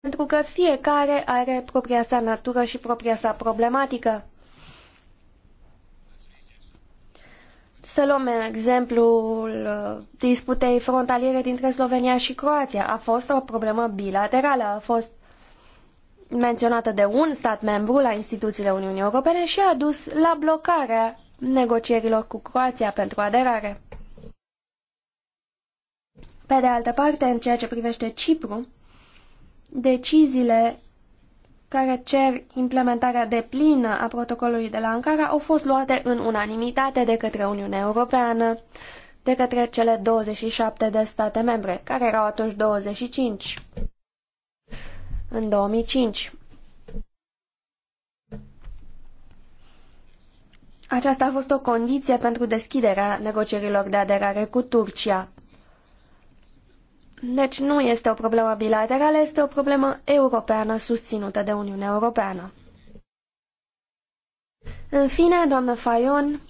pentru că fiecare are propria sa natură și propria sa problematică. Să luăm exemplul uh, disputei frontaliere dintre Slovenia și Croația. A fost o problemă bilaterală, a fost menționată de un stat membru la instituțiile Uniunii Europene și a dus la blocarea negocierilor cu Croația pentru aderare. Pe de altă parte, în ceea ce privește Cipru, deciziile care cer implementarea deplină a protocolului de la Ankara au fost luate în unanimitate de către Uniunea Europeană, de către cele 27 de state membre, care erau atunci 25 în 2005. Aceasta a fost o condiție pentru deschiderea negocierilor de aderare cu Turcia. Deci nu este o problemă bilaterală, este o problemă europeană susținută de Uniunea Europeană. În fine, doamnă Fayon,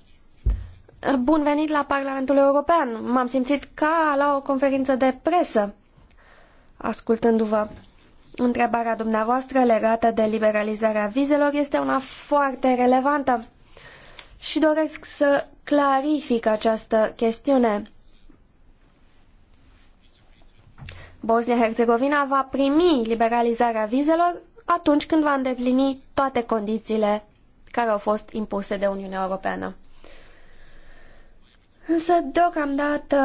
bun venit la Parlamentul European. M-am simțit ca la o conferință de presă, ascultându-vă. Întrebarea dumneavoastră legată de liberalizarea vizelor este una foarte relevantă și doresc să clarific această chestiune. Bosnia-Herzegovina va primi liberalizarea vizelor atunci când va îndeplini toate condițiile care au fost impuse de Uniunea Europeană. Însă, deocamdată,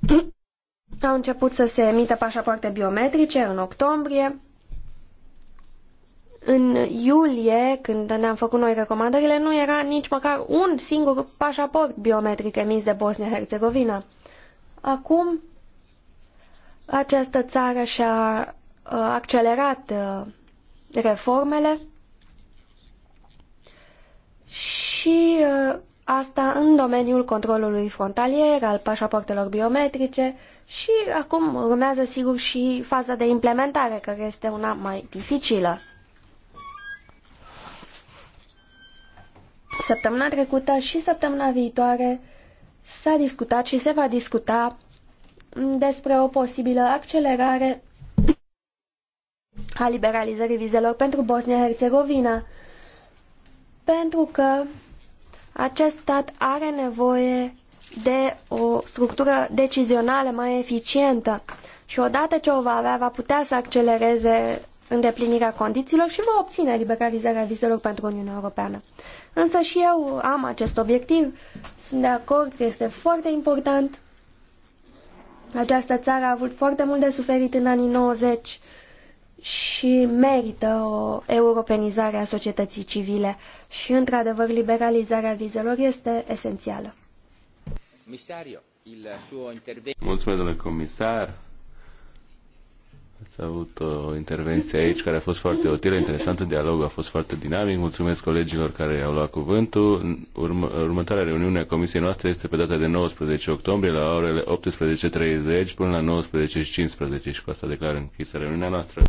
au început să se emită pașapoarte biometrice în octombrie. În iulie, când ne-am făcut noi recomandările, nu era nici măcar un singur pașaport biometric emis de Bosnia-Herzegovina. Acum, această țară și-a uh, accelerat uh, reformele și uh, asta în domeniul controlului frontalier, al pașapoartelor biometrice și acum urmează sigur și faza de implementare, care este una mai dificilă. Săptămâna trecută și săptămâna viitoare s-a discutat și se va discuta despre o posibilă accelerare a liberalizării vizelor pentru Bosnia-Herzegovina, pentru că acest stat are nevoie de o structură decizională mai eficientă și odată ce o va avea, va putea să accelereze îndeplinirea condițiilor și va obține liberalizarea vizelor pentru Uniunea Europeană. Însă și eu am acest obiectiv, sunt de acord, este foarte important această țară a avut foarte mult de suferit în anii 90 și merită o europenizare a societății civile și, într-adevăr, liberalizarea vizelor este esențială. Mulțumesc, domnule comisar. S-a avut uh, o intervenție aici care a fost foarte utilă, interesantă, dialogul a fost foarte dinamic. Mulțumesc colegilor care au luat cuvântul. Urm- următoarea reuniune a comisiei noastre este pe data de 19 octombrie la orele 18.30 până la 19.15 și cu asta declar închisă reuniunea noastră.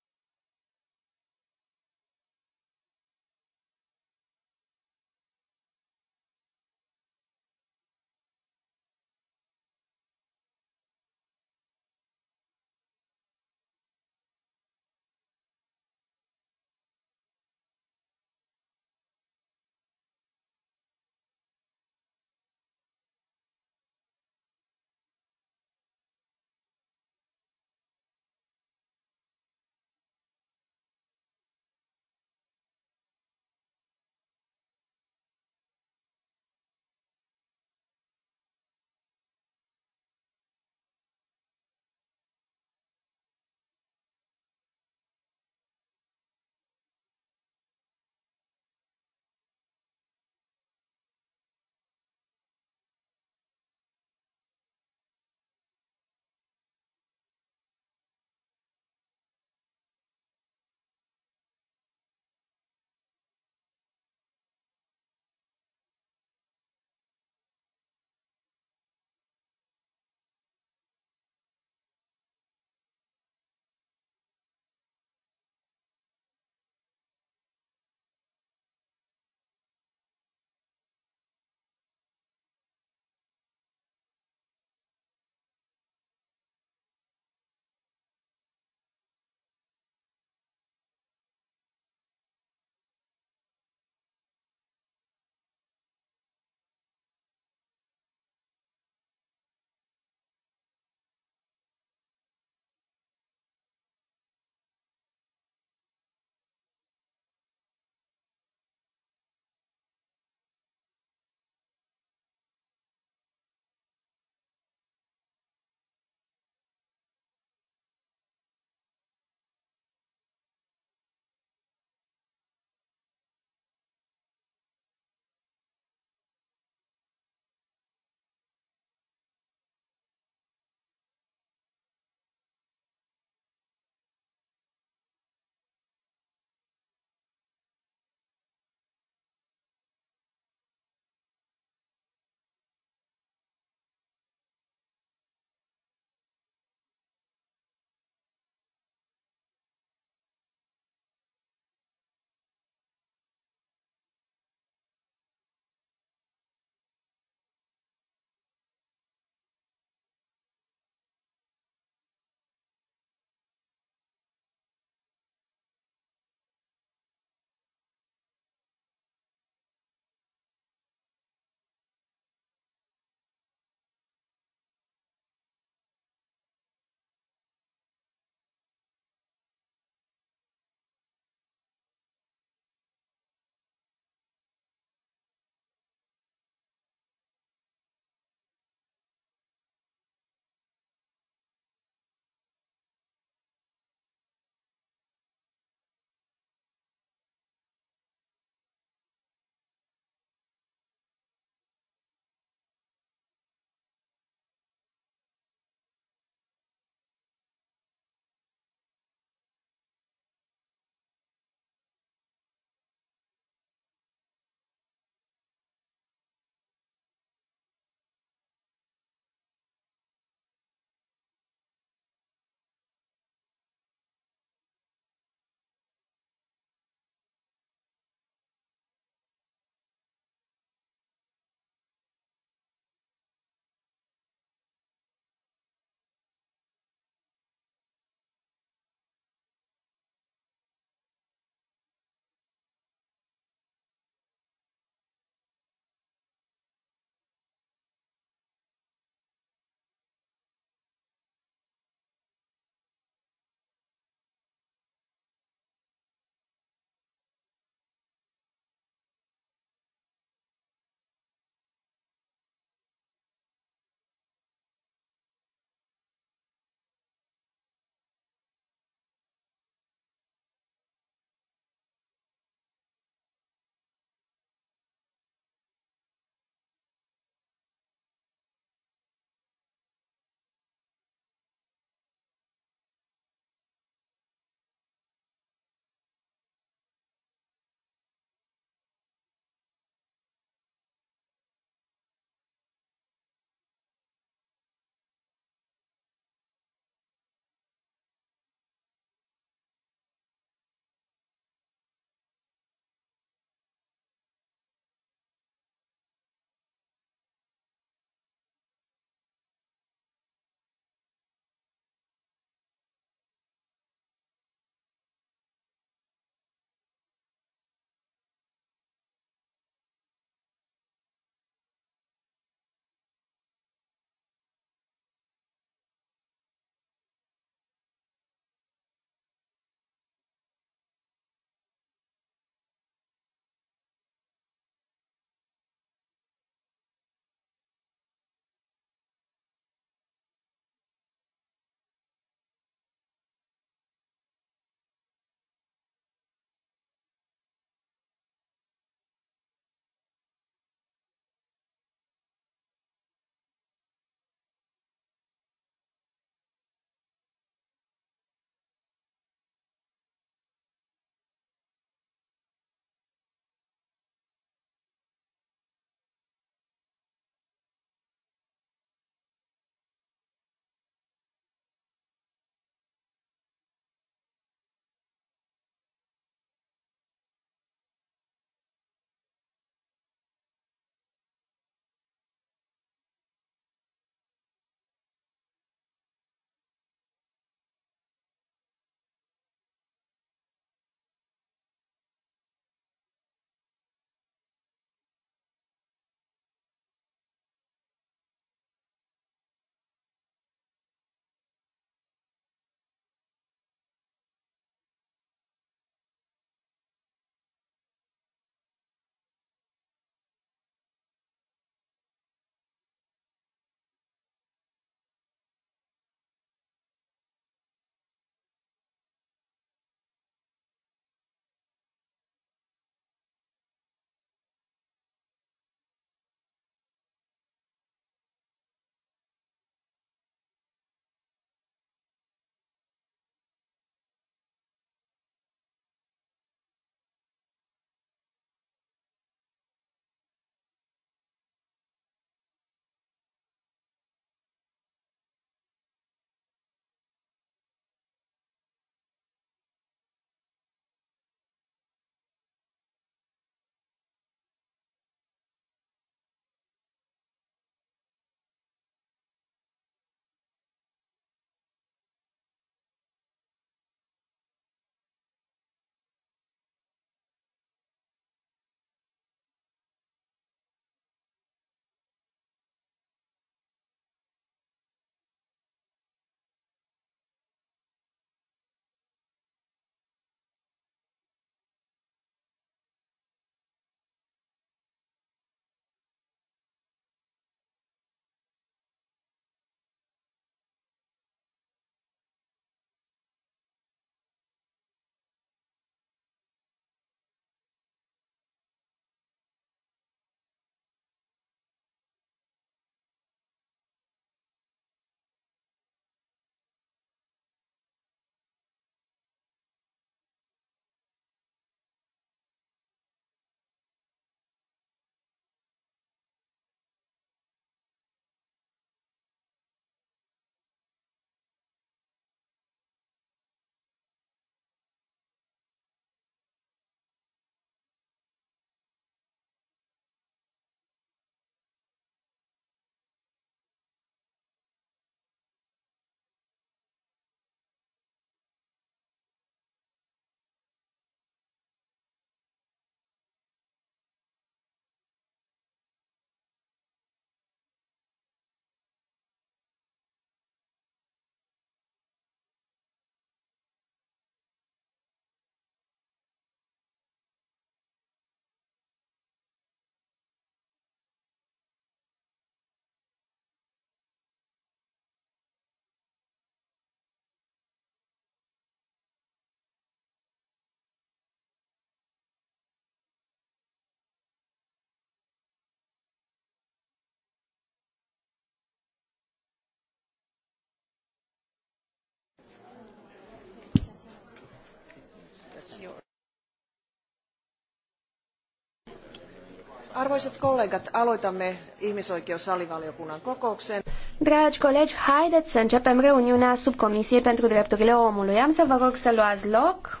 Arvoisat kollegat, aloitamme ihmisoikeusalivaliokunnan kokouksen. Dragi colegi, haideți să începem reuniunea subcomisiei pentru drepturile omului. Am să vă rog să luați loc.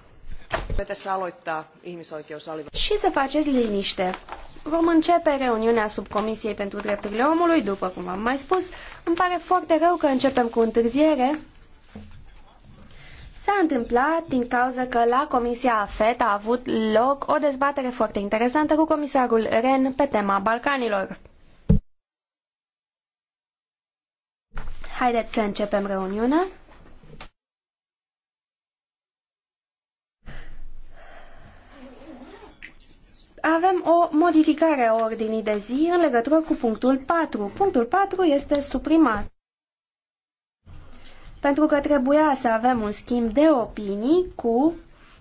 Și să faceți liniște. Vom începe reuniunea subcomisiei pentru drepturile omului, după cum am mai spus. Îmi pare foarte rău că începem cu întârziere, S-a întâmplat din cauza că la Comisia FET a avut loc o dezbatere foarte interesantă cu comisarul Ren pe tema Balcanilor. Haideți să începem reuniunea. avem o modificare a ordinii de zi în legătură cu punctul 4. Punctul 4 este suprimat pentru că trebuia să avem un schimb de opinii cu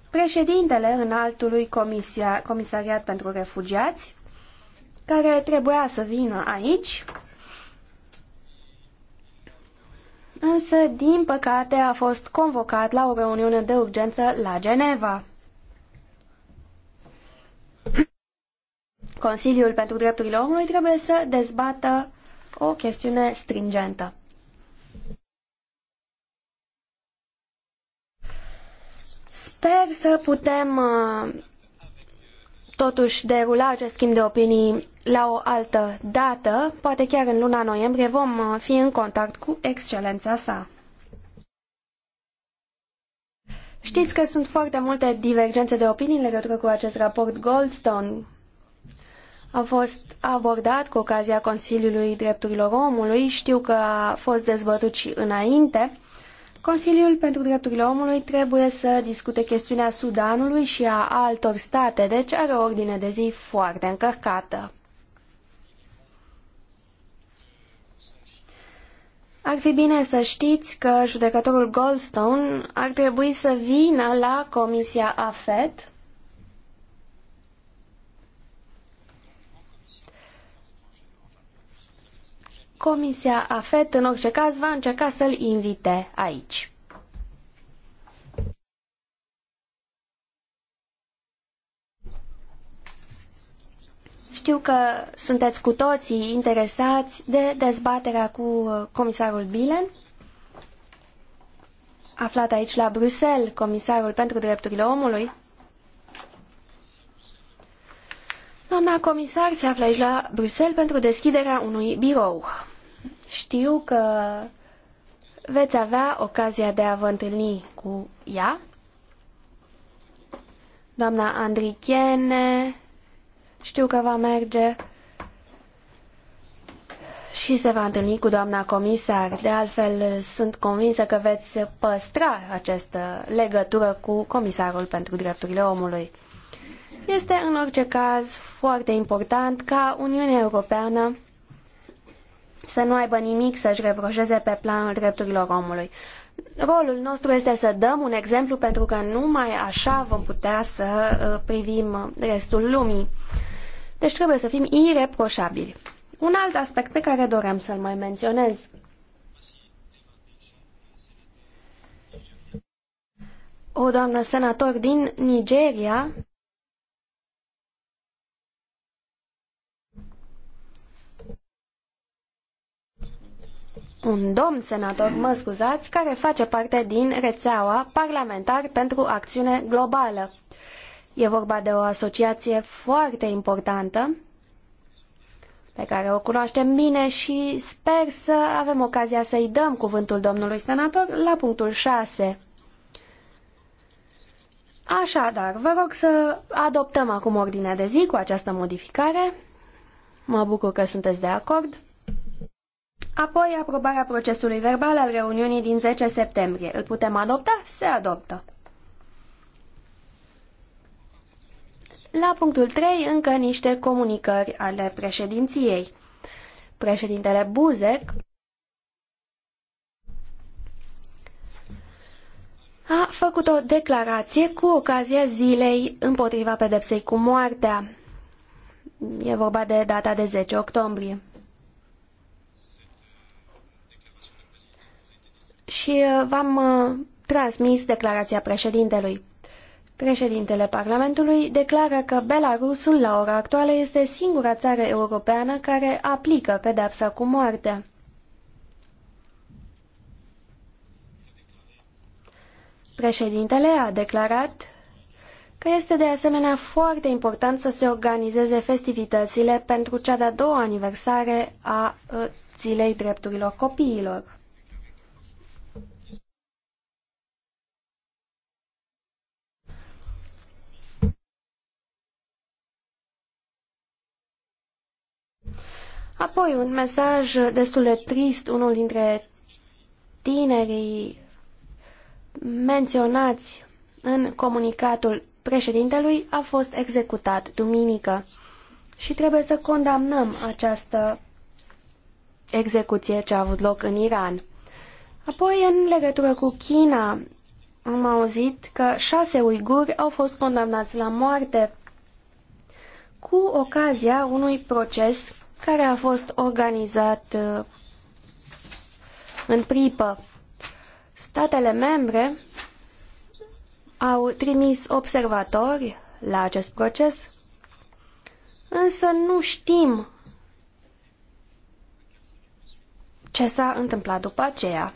președintele înaltului comisia, comisariat pentru refugiați, care trebuia să vină aici, însă, din păcate, a fost convocat la o reuniune de urgență la Geneva. Consiliul pentru Drepturile Omului trebuie să dezbată o chestiune stringentă. Sper să putem uh, totuși derula acest schimb de opinii la o altă dată, poate chiar în luna noiembrie vom uh, fi în contact cu excelența sa. Știți că sunt foarte multe divergențe de opinii în legătură cu acest raport Goldstone. A fost abordat cu ocazia Consiliului Drepturilor Omului, știu că a fost dezbătut și înainte Consiliul pentru Drepturile Omului trebuie să discute chestiunea Sudanului și a altor state, deci are o ordine de zi foarte încărcată. Ar fi bine să știți că judecătorul Goldstone ar trebui să vină la Comisia AFET Comisia AFET, în orice caz, va încerca să-l invite aici. Știu că sunteți cu toții interesați de dezbaterea cu uh, comisarul Bilen, aflat aici la Bruxelles, comisarul pentru drepturile omului. Doamna comisar se află aici la Bruxelles pentru deschiderea unui birou. Știu că veți avea ocazia de a vă întâlni cu ea, doamna Andrichiene, știu că va merge și se va întâlni cu doamna comisar. De altfel, sunt convinsă că veți păstra această legătură cu comisarul pentru drepturile omului. Este în orice caz foarte important ca Uniunea Europeană să nu aibă nimic să-și reproșeze pe planul drepturilor omului. Rolul nostru este să dăm un exemplu pentru că numai așa vom putea să uh, privim restul lumii. Deci trebuie să fim ireproșabili. Un alt aspect pe care doream să-l mai menționez. O doamnă senator din Nigeria un domn senator, mă scuzați, care face parte din rețeaua parlamentar pentru acțiune globală. E vorba de o asociație foarte importantă pe care o cunoaștem bine și sper să avem ocazia să-i dăm cuvântul domnului senator la punctul 6. Așadar, vă rog să adoptăm acum ordinea de zi cu această modificare. Mă bucur că sunteți de acord. Apoi, aprobarea procesului verbal al reuniunii din 10 septembrie. Îl putem adopta? Se adoptă. La punctul 3, încă niște comunicări ale președinției. Președintele Buzek a făcut o declarație cu ocazia zilei împotriva pedepsei cu moartea. E vorba de data de 10 octombrie. și uh, v-am uh, transmis declarația președintelui. Președintele Parlamentului declară că Belarusul la ora actuală este singura țară europeană care aplică pedepsa cu moartea. Președintele a declarat că este de asemenea foarte important să se organizeze festivitățile pentru cea de-a doua aniversare a uh, Zilei Drepturilor Copiilor. Apoi, un mesaj destul de trist, unul dintre tinerii menționați în comunicatul președintelui a fost executat duminică. Și trebuie să condamnăm această execuție ce a avut loc în Iran. Apoi, în legătură cu China, am auzit că șase uiguri au fost condamnați la moarte cu ocazia unui proces care a fost organizat uh, în pripă. Statele membre au trimis observatori la acest proces, însă nu știm ce s-a întâmplat după aceea.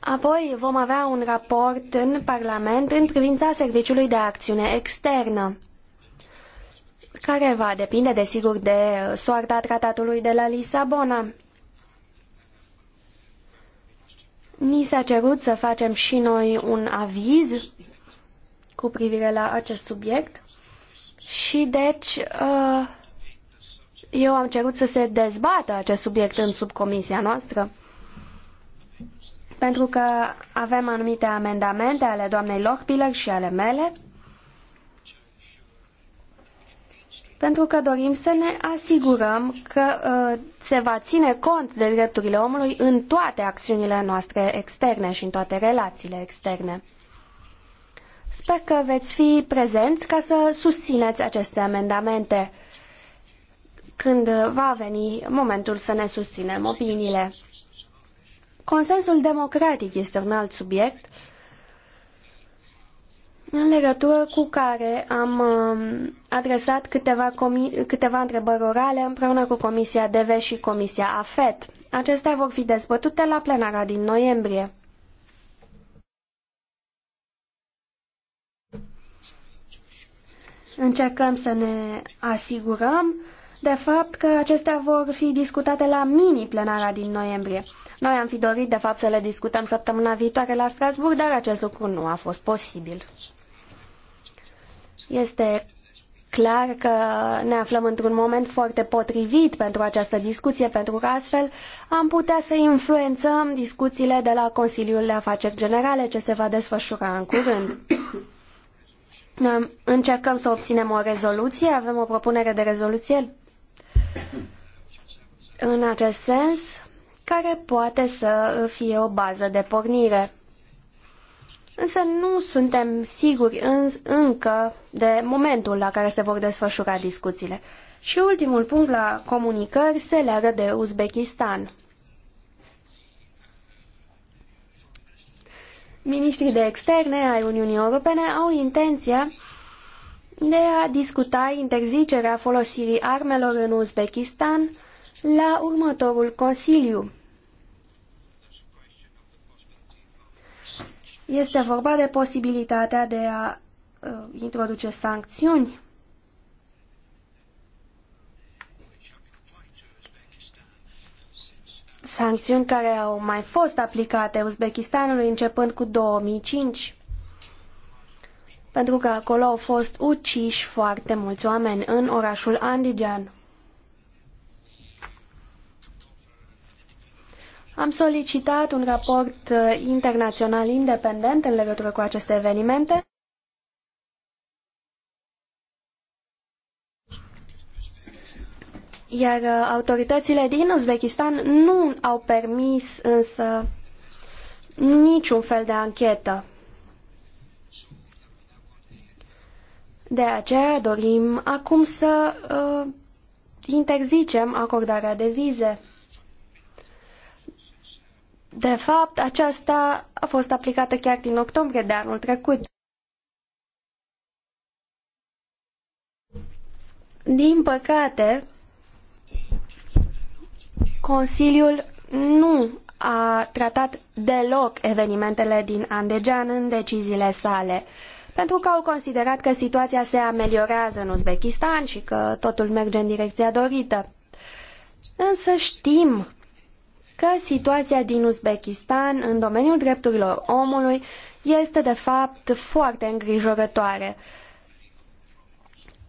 Apoi vom avea un raport în Parlament în privința Serviciului de Acțiune Externă care va depinde, desigur, de soarta tratatului de la Lisabona. Ni s-a cerut să facem și noi un aviz cu privire la acest subiect și deci uh, eu am cerut să se dezbată acest subiect în subcomisia noastră pentru că avem anumite amendamente ale doamnei Lochbiller și ale mele pentru că dorim să ne asigurăm că uh, se va ține cont de drepturile omului în toate acțiunile noastre externe și în toate relațiile externe. Sper că veți fi prezenți ca să susțineți aceste amendamente când va veni momentul să ne susținem opiniile. Consensul democratic este un alt subiect în legătură cu care am um, adresat câteva, câteva întrebări orale împreună cu Comisia DEVE și Comisia AFET. Acestea vor fi dezbătute la plenara din noiembrie. Încercăm să ne asigurăm de fapt că acestea vor fi discutate la mini-plenara din noiembrie. Noi am fi dorit, de fapt, să le discutăm săptămâna viitoare la Strasbourg, dar acest lucru nu a fost posibil. Este clar că ne aflăm într-un moment foarte potrivit pentru această discuție, pentru că astfel am putea să influențăm discuțiile de la Consiliul de Afaceri Generale ce se va desfășura în curând. Încercăm să obținem o rezoluție, avem o propunere de rezoluție în acest sens, care poate să fie o bază de pornire însă nu suntem siguri încă de momentul la care se vor desfășura discuțiile. Și ultimul punct la comunicări se leagă de Uzbekistan. Ministrii de externe ai Uniunii Europene au intenția de a discuta interzicerea folosirii armelor în Uzbekistan la următorul Consiliu. Este vorba de posibilitatea de a uh, introduce sancțiuni sancțiuni care au mai fost aplicate Uzbekistanului începând cu 2005 pentru că acolo au fost uciși foarte mulți oameni în orașul Andijan. Am solicitat un raport uh, internațional independent în legătură cu aceste evenimente. Iar uh, autoritățile din Uzbekistan nu au permis însă niciun fel de anchetă. De aceea dorim acum să uh, interzicem acordarea de vize. De fapt, aceasta a fost aplicată chiar din octombrie de anul trecut. Din păcate, Consiliul nu a tratat deloc evenimentele din Andegean în deciziile sale, pentru că au considerat că situația se ameliorează în Uzbekistan și că totul merge în direcția dorită. Însă știm că situația din Uzbekistan în domeniul drepturilor omului este de fapt foarte îngrijorătoare.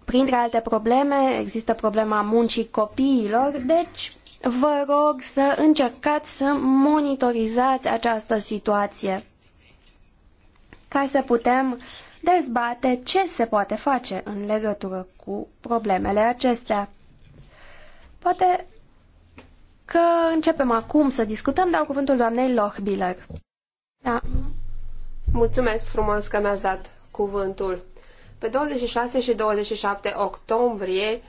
Printre alte probleme există problema muncii copiilor, deci vă rog să încercați să monitorizați această situație ca să putem dezbate ce se poate face în legătură cu problemele acestea. Poate că începem acum să discutăm, dau cuvântul doamnei Lochbiller. Da. Mulțumesc frumos că mi-ați dat cuvântul. Pe 26 și 27 octombrie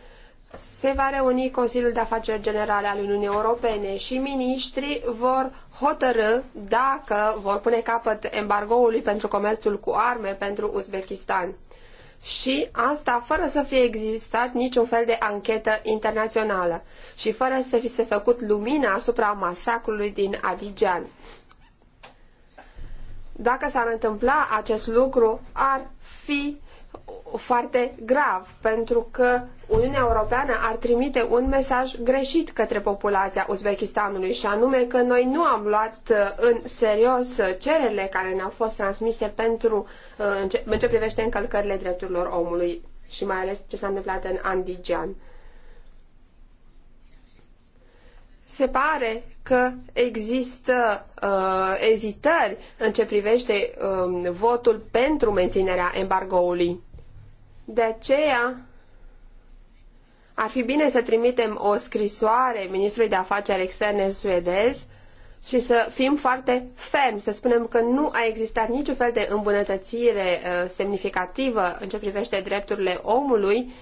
se va reuni Consiliul de Afaceri Generale al Uniunii Europene și miniștrii vor hotărâ dacă vor pune capăt embargoului pentru comerțul cu arme pentru Uzbekistan și asta fără să fie existat niciun fel de anchetă internațională și fără să fi se făcut lumina asupra masacrului din Abidjan. Dacă s-ar întâmpla acest lucru, ar fi foarte grav, pentru că Uniunea Europeană ar trimite un mesaj greșit către populația Uzbekistanului și anume că noi nu am luat uh, în serios uh, cererile care ne-au fost transmise pentru uh, în ce, în ce privește încălcările drepturilor omului și mai ales ce s-a întâmplat în Andijan. Se pare că există uh, ezitări în ce privește uh, votul pentru menținerea embargoului. De aceea, ar fi bine să trimitem o scrisoare ministrului de afaceri externe suedez și să fim foarte fermi, să spunem că nu a existat niciun fel de îmbunătățire uh, semnificativă în ce privește drepturile omului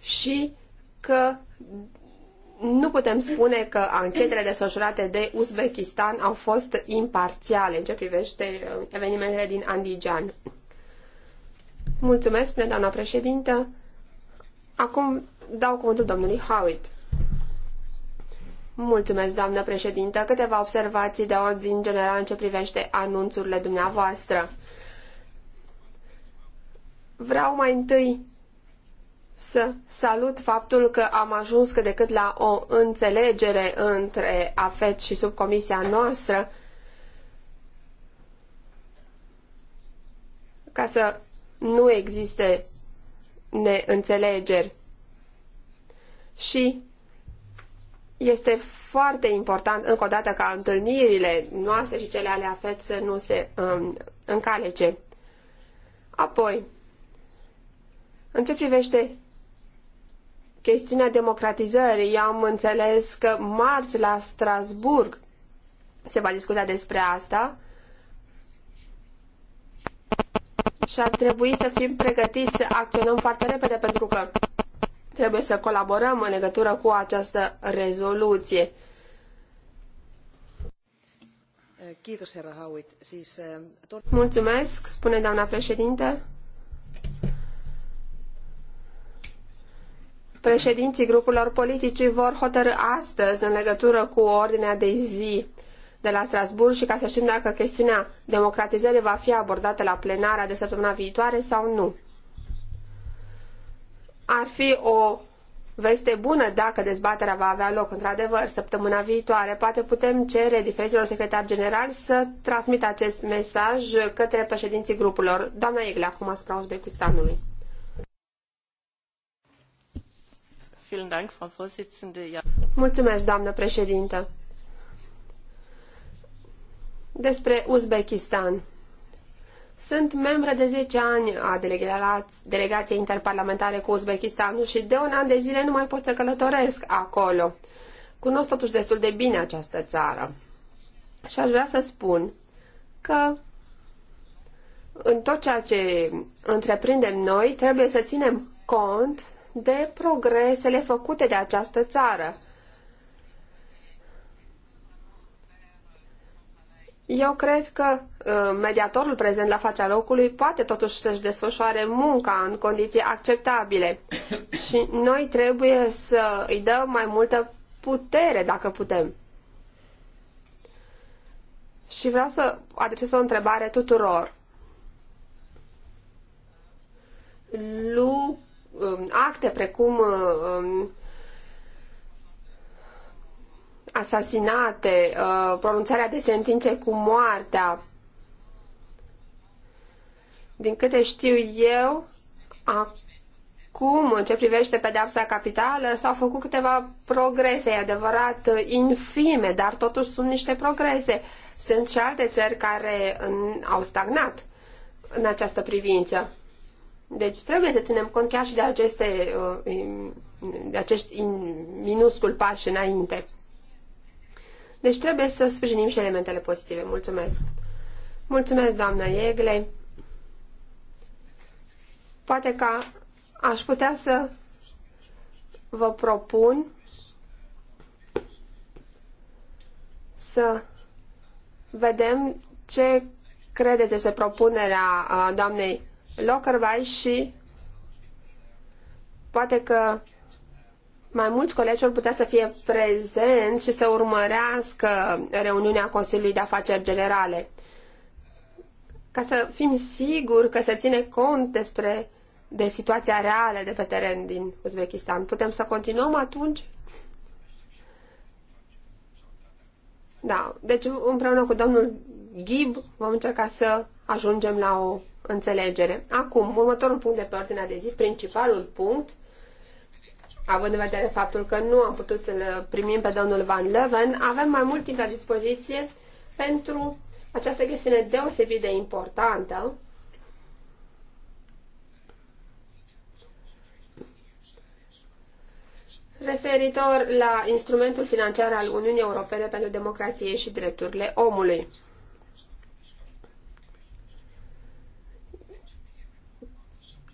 și că nu putem spune că anchetele desfășurate de Uzbekistan au fost imparțiale în ce privește uh, evenimentele din Andijan. Mulțumesc, spune doamna președintă. Acum dau cuvântul domnului Howitt. Mulțumesc, doamnă președintă. Câteva observații de ordin general în ce privește anunțurile dumneavoastră. Vreau mai întâi să salut faptul că am ajuns cât de cât la o înțelegere între AFET și subcomisia noastră ca să nu există neînțelegeri. Și este foarte important, încă o dată, ca întâlnirile noastre și cele ale AFET să nu se um, încalece. Apoi, în ce privește chestiunea democratizării, eu am înțeles că marți la Strasburg se va discuta despre asta și ar trebui să fim pregătiți să acționăm foarte repede pentru că trebuie să colaborăm în legătură cu această rezoluție. Eh, Mulțumesc, spune doamna președinte. Președinții grupurilor politice vor hotărî astăzi în legătură cu ordinea de zi de la Strasbourg și ca să știm dacă chestiunea democratizării va fi abordată la plenara de săptămâna viitoare sau nu. Ar fi o veste bună dacă dezbaterea va avea loc într-adevăr săptămâna viitoare. Poate putem cere diferiților secretari generali să transmită acest mesaj către președinții grupurilor. Doamna Egle, acum asupra Uzbekistanului. Mulțumesc, doamnă președintă despre Uzbekistan. Sunt membră de 10 ani a delegației interparlamentare cu Uzbekistanul și de un an de zile nu mai pot să călătoresc acolo. Cunosc totuși destul de bine această țară. Și aș vrea să spun că în tot ceea ce întreprindem noi trebuie să ținem cont de progresele făcute de această țară Eu cred că uh, mediatorul prezent la fața locului poate totuși să-și desfășoare munca în condiții acceptabile și noi trebuie să îi dăm mai multă putere dacă putem. Și vreau să adresez o întrebare tuturor. Lu, um, acte precum um, asasinate, uh, pronunțarea de sentințe cu moartea. Din câte știu eu, acum, în ce privește pedeapsa capitală, s-au făcut câteva progrese, e adevărat, uh, infime, dar totuși sunt niște progrese. Sunt și alte țări care au stagnat în această privință. Deci trebuie să ținem cont chiar și de aceste uh, de acești minuscul pași înainte. Deci trebuie să sprijinim și elementele pozitive. Mulțumesc! Mulțumesc, doamna Iegle! Poate că aș putea să vă propun să vedem ce credeți despre propunerea uh, doamnei Lockerby și poate că mai mulți colegi vor putea să fie prezenți și să urmărească reuniunea Consiliului de Afaceri Generale. Ca să fim siguri că se ține cont despre de situația reală de pe teren din Uzbekistan. Putem să continuăm atunci? Da, deci împreună cu domnul Ghib vom încerca să ajungem la o înțelegere. Acum, următorul punct de pe ordinea de zi, principalul punct, având în vedere faptul că nu am putut să-l primim pe domnul Van Leven, avem mai mult timp la dispoziție pentru această chestiune deosebit de importantă. referitor la instrumentul financiar al Uniunii Europene pentru Democrație și Drepturile Omului.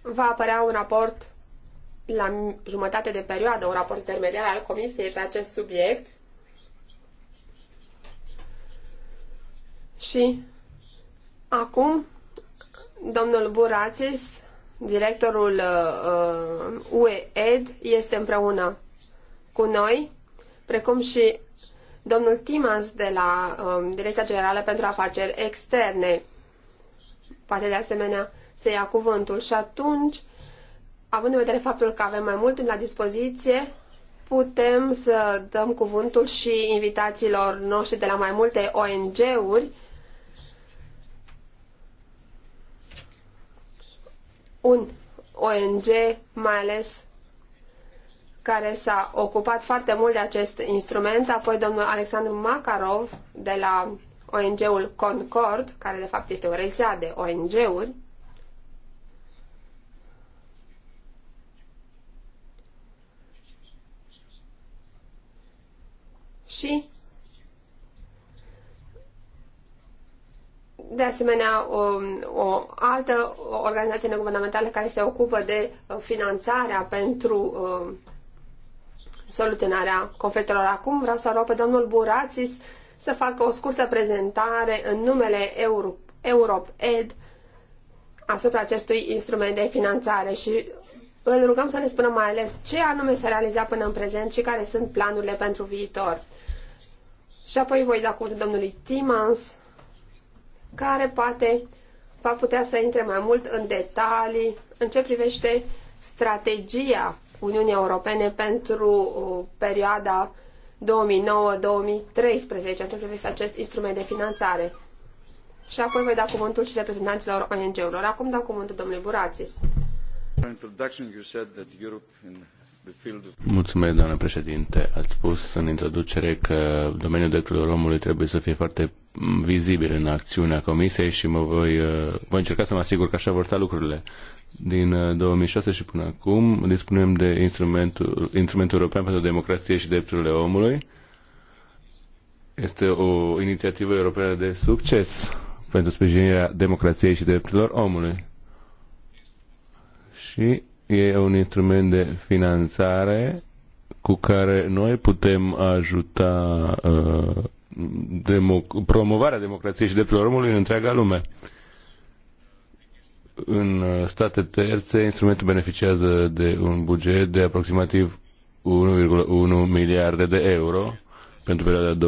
Va apărea un raport la jumătate de perioadă un raport intermediar al Comisiei pe acest subiect și acum domnul Buratis, directorul uh, UE-ED, uh, este împreună cu noi, precum și domnul Timans de la uh, Direcția Generală pentru Afaceri Externe. Poate de asemenea să ia cuvântul și atunci având în vedere faptul că avem mai mult timp la dispoziție, putem să dăm cuvântul și invitațiilor noștri de la mai multe ONG-uri. Un ONG, mai ales care s-a ocupat foarte mult de acest instrument, apoi domnul Alexandru Makarov de la ONG-ul Concord, care de fapt este o rețea de ONG-uri, și de asemenea o, o altă organizație neguvernamentală care se ocupă de uh, finanțarea pentru uh, soluționarea conflictelor. Acum vreau să rog pe domnul Burațis să facă o scurtă prezentare în numele Euro, Europe Ed asupra acestui instrument de finanțare și îl rugăm să ne spună mai ales ce anume s-a realizat până în prezent și care sunt planurile pentru viitor. Și apoi voi da cuvântul domnului Timans, care poate va putea să intre mai mult în detalii în ce privește strategia Uniunii Europene pentru uh, perioada 2009-2013, în ce privește acest instrument de finanțare. Și apoi voi da cuvântul și reprezentanților ONG-urilor. Acum dau cuvântul domnului Burațis. Mulțumesc, doamnă președinte. Ați spus în introducere că domeniul drepturilor omului trebuie să fie foarte vizibil în acțiunea Comisiei și mă voi, uh, voi încerca să mă asigur că așa vor sta lucrurile. Din 2006 uh, și până acum dispunem de instrumentul, instrumentul european pentru democrație și drepturile omului. Este o inițiativă europeană de succes pentru sprijinirea democrației și drepturilor omului. Și e un instrument de finanțare cu care noi putem ajuta uh, democ- promovarea democrației și drepturilor omului în întreaga lume. În uh, state terțe, instrumentul beneficiază de un buget de aproximativ 1,1 miliarde de euro pentru perioada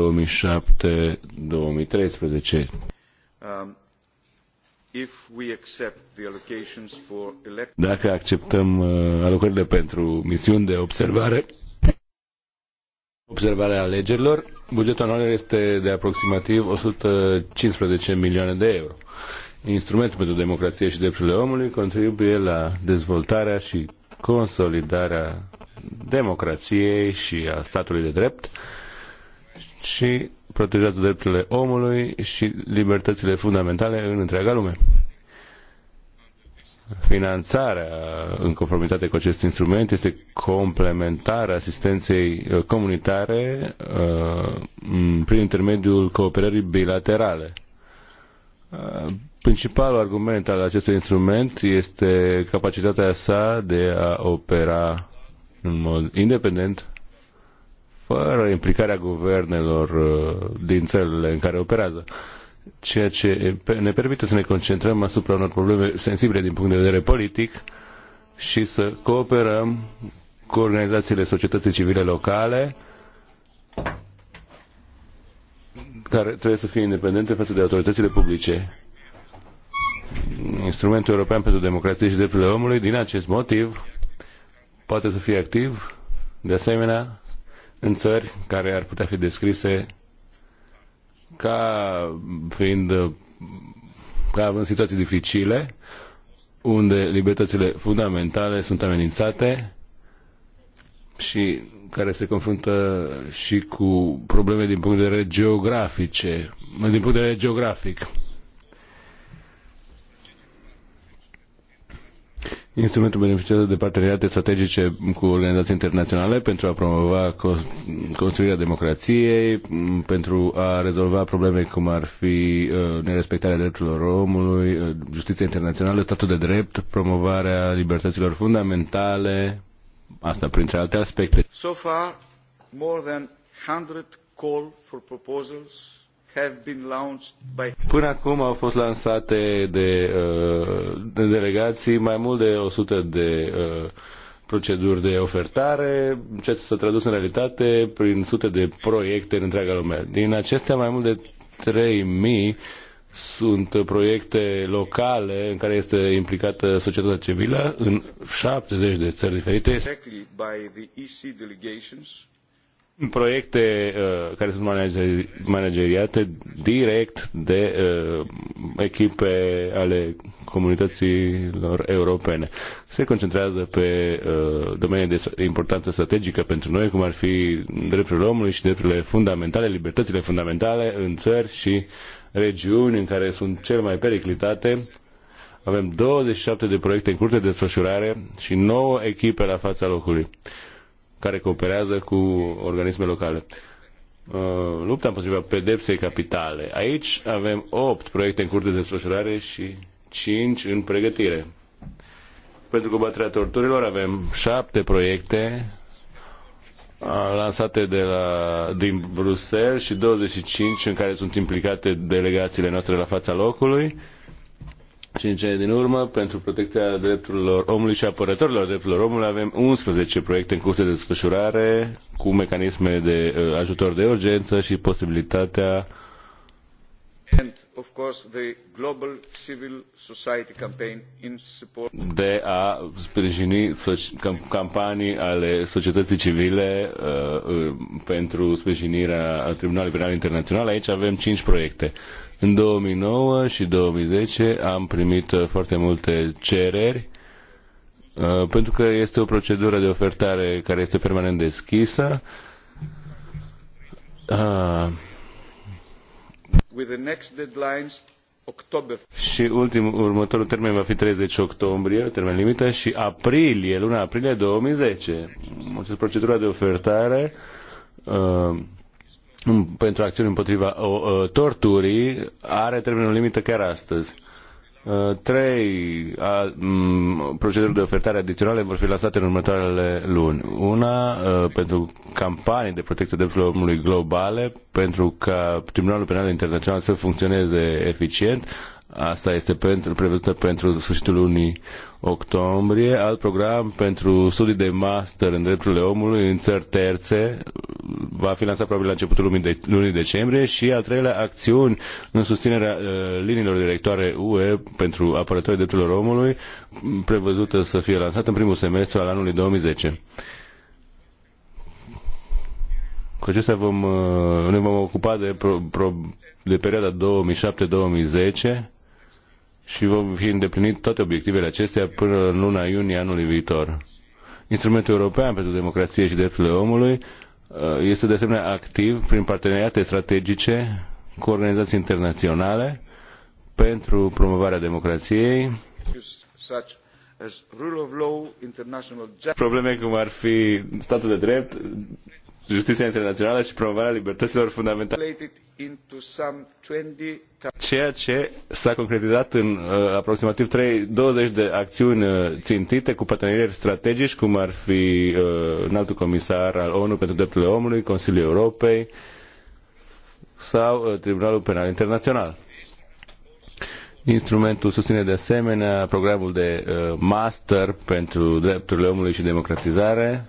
2007-2013. Um. Dacă acceptăm uh, alocările pentru misiuni de observare, observarea alegerilor, bugetul anual este de aproximativ 115 milioane de euro. Instrumentul pentru democrație și drepturile omului contribuie la dezvoltarea și consolidarea democrației și a statului de drept și protejează drepturile omului și libertățile fundamentale în întreaga lume. Finanțarea în conformitate cu acest instrument este complementară asistenței uh, comunitare uh, prin intermediul cooperării bilaterale. Uh, principalul argument al acestui instrument este capacitatea sa de a opera în mod independent fără implicarea guvernelor uh, din țările în care operează ceea ce ne permite să ne concentrăm asupra unor probleme sensibile din punct de vedere politic și să cooperăm cu organizațiile societății civile locale care trebuie să fie independente față de autoritățile publice. Instrumentul European pentru Democrație și Drepturile Omului, din acest motiv, poate să fie activ, de asemenea, în țări care ar putea fi descrise ca fiind ca având situații dificile unde libertățile fundamentale sunt amenințate și care se confruntă și cu probleme din punct de vedere geografice, din punct de vedere geografic. Instrumentul beneficiază de parteneriate strategice cu organizații internaționale pentru a promova construirea democrației, pentru a rezolva probleme cum ar fi uh, nerespectarea drepturilor omului, uh, justiția internațională, statul de drept, promovarea libertăților fundamentale, asta printre alte aspecte. So far, more than 100 call for proposals Până acum au fost lansate de, uh, de delegații mai mult de 100 de uh, proceduri de ofertare, ceea ce s-a tradus în realitate prin sute de proiecte în întreaga lume. Din acestea, mai mult de 3000 sunt proiecte locale în care este implicată societatea civilă în 70 de țări diferite. Exactly by the EC delegations proiecte uh, care sunt manageri, manageriate direct de uh, echipe ale comunităților europene. Se concentrează pe uh, domenii de importanță strategică pentru noi, cum ar fi drepturile omului și drepturile fundamentale, libertățile fundamentale în țări și regiuni în care sunt cel mai periclitate. Avem 27 de proiecte în curte de desfășurare și 9 echipe la fața locului. Uh, care cooperează cu organisme locale. Uh, lupta împotriva pedepsei capitale. Aici avem 8 proiecte în curte de desfășurare și 5 în pregătire. Pentru combaterea torturilor avem 7 proiecte uh, lansate de la, din Bruxelles și 25 în care sunt implicate delegațiile noastre la fața locului și în cele din urmă, pentru protecția drepturilor omului și apărătorilor drepturilor omului, avem 11 proiecte în curs de desfășurare cu mecanisme de uh, ajutor de urgență și posibilitatea de a sprijini campanii ale societății civile uh, uh, pentru sprijinirea Tribunalului Penal Internațional. Aici avem cinci proiecte. În 2009 și 2010 am primit uh, foarte multe cereri uh, pentru că este o procedură de ofertare care este permanent deschisă. Ah. With the next deadlines și ultim, următorul termen va fi 30 octombrie, termen limită, și aprilie, luna aprilie 2010. Această deci, procedură de ofertare uh, pentru acțiuni împotriva o, torturii are termenul limită chiar astăzi. Uh, trei proceduri de ofertare adiționale vor fi lansate în următoarele luni. Una a, uh, pentru campanii de protecție drepturilor omului globale, pentru ca Tribunalul Penal Internațional să funcționeze eficient. Asta este pentru, prevăzută pentru sfârșitul lunii octombrie. Alt program pentru studii de master în drepturile omului în țări terțe va fi lansat probabil la începutul lunii, de, lunii decembrie și al treilea acțiuni în susținerea uh, liniilor directoare UE pentru apărătorii drepturilor omului prevăzută să fie lansată în primul semestru al anului 2010. Cu acestea vom, uh, ne vom ocupa de, pro, pro, de perioada 2007-2010 și vom fi îndeplinit toate obiectivele acestea până în luna iunie anului viitor. Instrumentul European pentru Democrație și Drepturile Omului uh, este de asemenea activ prin parteneriate strategice cu organizații internaționale pentru promovarea democrației, probleme cum ar fi statul de drept, justiția internațională și promovarea libertăților fundamentale. Ceea ce s-a concretizat în uh, aproximativ 3, 20 de acțiuni uh, țintite cu parteneri strategici, cum ar fi uh, înaltul comisar al ONU pentru drepturile omului, Consiliul Europei sau uh, Tribunalul Penal Internațional. Instrumentul susține de asemenea programul de uh, master pentru drepturile omului și democratizare,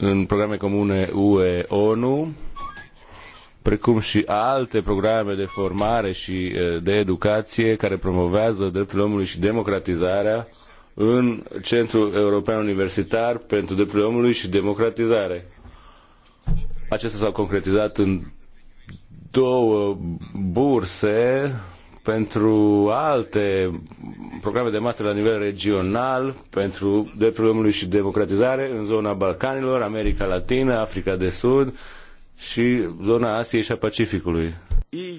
în programe comune UE-ONU, precum și alte programe de formare și de educație care promovează drepturile omului și democratizarea în Centrul European Universitar pentru Drepturile Omului și Democratizare. Acestea s-au concretizat în două burse pentru alte programe de master la nivel regional, pentru drepturile omului și democratizare în zona Balcanilor, America Latină, Africa de Sud și zona Asiei și a Pacificului.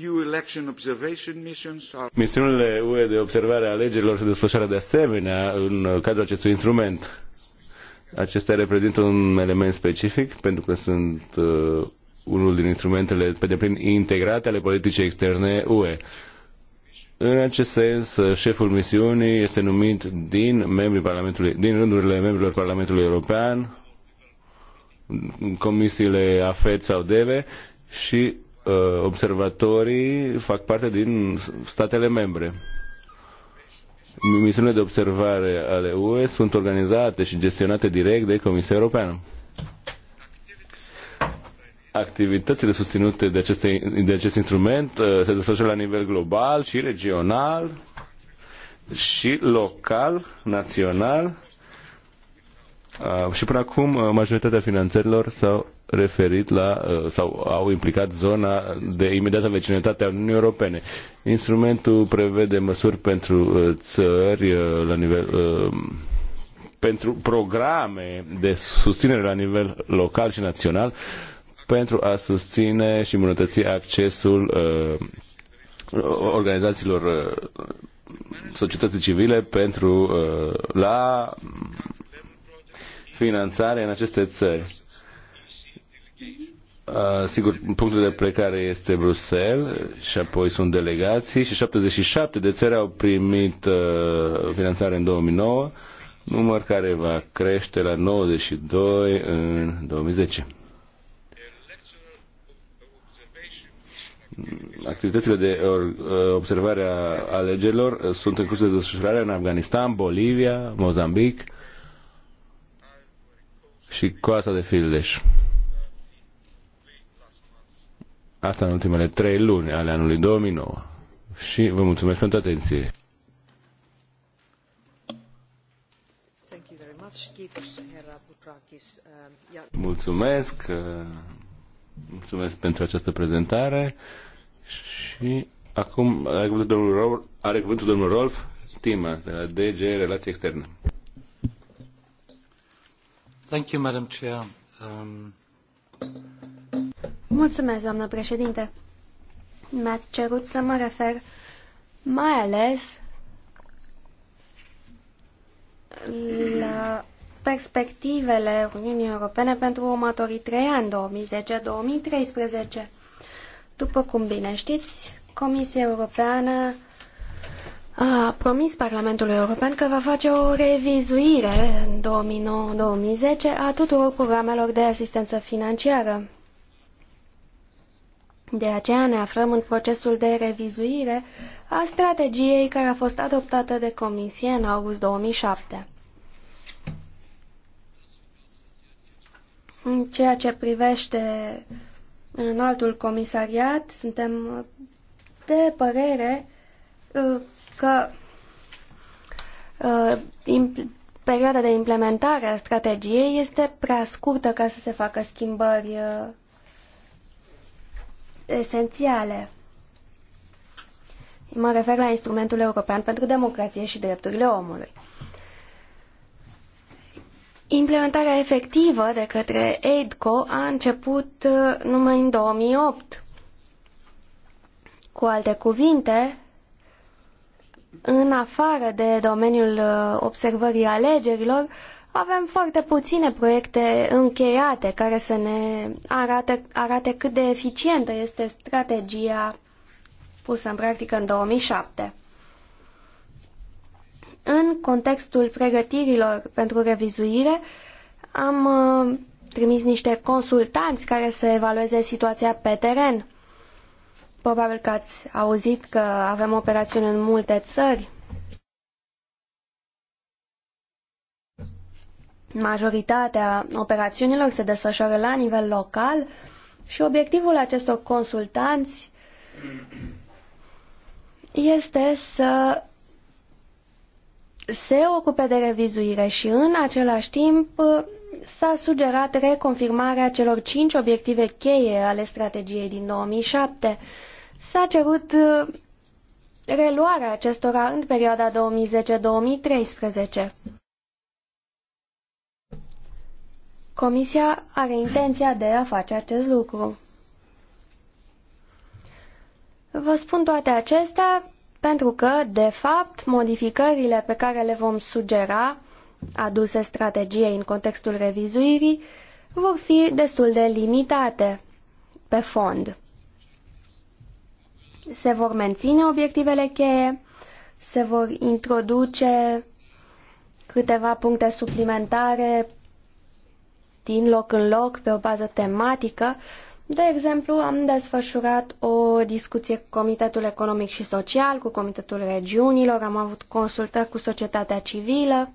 EU election observation missions are... Misiunile UE de observare a alegerilor se desfășoară de asemenea în cadrul acestui instrument. Acestea reprezintă un element specific pentru că sunt uh, unul din instrumentele pe deplin integrate ale politicii externe UE. În acest sens, șeful misiunii este numit din, membrii Parlamentului, din rândurile membrilor Parlamentului European, comisiile AFET sau DEVE și uh, observatorii fac parte din statele membre. Misiunile de observare ale UE sunt organizate și gestionate direct de Comisia Europeană activitățile susținute de, aceste, de acest instrument uh, se desfășoară la nivel global și regional și local, național uh, și până acum uh, majoritatea finanțărilor s-au referit la sau au implicat zona de imediată vecinătate a Uniunii Europene. Instrumentul prevede măsuri pentru țări la nivel pentru programe de susținere la nivel local și național pentru a susține și îmbunătăți accesul uh, organizațiilor uh, societății civile pentru uh, la finanțare în aceste țări. Uh, sigur, punctul de plecare este Bruxelles și apoi sunt delegații și 77 de țări au primit uh, finanțare în 2009, număr care va crește la 92 în 2010. activitățile de uh, observare a alegerilor uh, sunt în curs de desfășurare în Afganistan, Bolivia, Mozambic și Coasa de Fildeș. Asta în ultimele trei luni ale anului 2009. Și vă mulțumesc pentru atenție. Mulțumesc, uh, mulțumesc pentru această prezentare. Și acum are cuvântul domnul Rolf, are cuvântul domnul Rolf Tima, de la DG Relații Externe. Thank you, Madam Chair. Um... Mulțumesc, doamnă președinte. Mi-ați cerut să mă refer mai ales la perspectivele Uniunii Europene pentru următorii trei ani, 2010-2013. După cum bine știți, Comisia Europeană a promis Parlamentului European că va face o revizuire în 2009-2010 a tuturor programelor de asistență financiară. De aceea ne aflăm în procesul de revizuire a strategiei care a fost adoptată de Comisie în august 2007. În ceea ce privește în altul comisariat, suntem de părere uh, că uh, perioada de implementare a strategiei este prea scurtă ca să se facă schimbări uh, esențiale. Mă refer la instrumentul european pentru democrație și drepturile omului. Implementarea efectivă de către Aidco a început uh, numai în 2008. Cu alte cuvinte, în afară de domeniul uh, observării alegerilor, avem foarte puține proiecte încheiate care să ne arate, arate cât de eficientă este strategia pusă în practică în 2007. În contextul pregătirilor pentru revizuire, am uh, trimis niște consultanți care să evalueze situația pe teren. Probabil că ați auzit că avem operațiuni în multe țări. Majoritatea operațiunilor se desfășoară la nivel local și obiectivul acestor consultanți este să se ocupe de revizuire și în același timp uh, s-a sugerat reconfirmarea celor cinci obiective cheie ale strategiei din 2007. S-a cerut uh, reluarea acestora în perioada 2010-2013. Comisia are intenția de a face acest lucru. Vă spun toate acestea pentru că, de fapt, modificările pe care le vom sugera aduse strategiei în contextul revizuirii vor fi destul de limitate pe fond. Se vor menține obiectivele cheie, se vor introduce câteva puncte suplimentare din loc în loc pe o bază tematică, de exemplu, am desfășurat o discuție cu Comitetul Economic și Social, cu Comitetul Regiunilor, am avut consultări cu societatea civilă,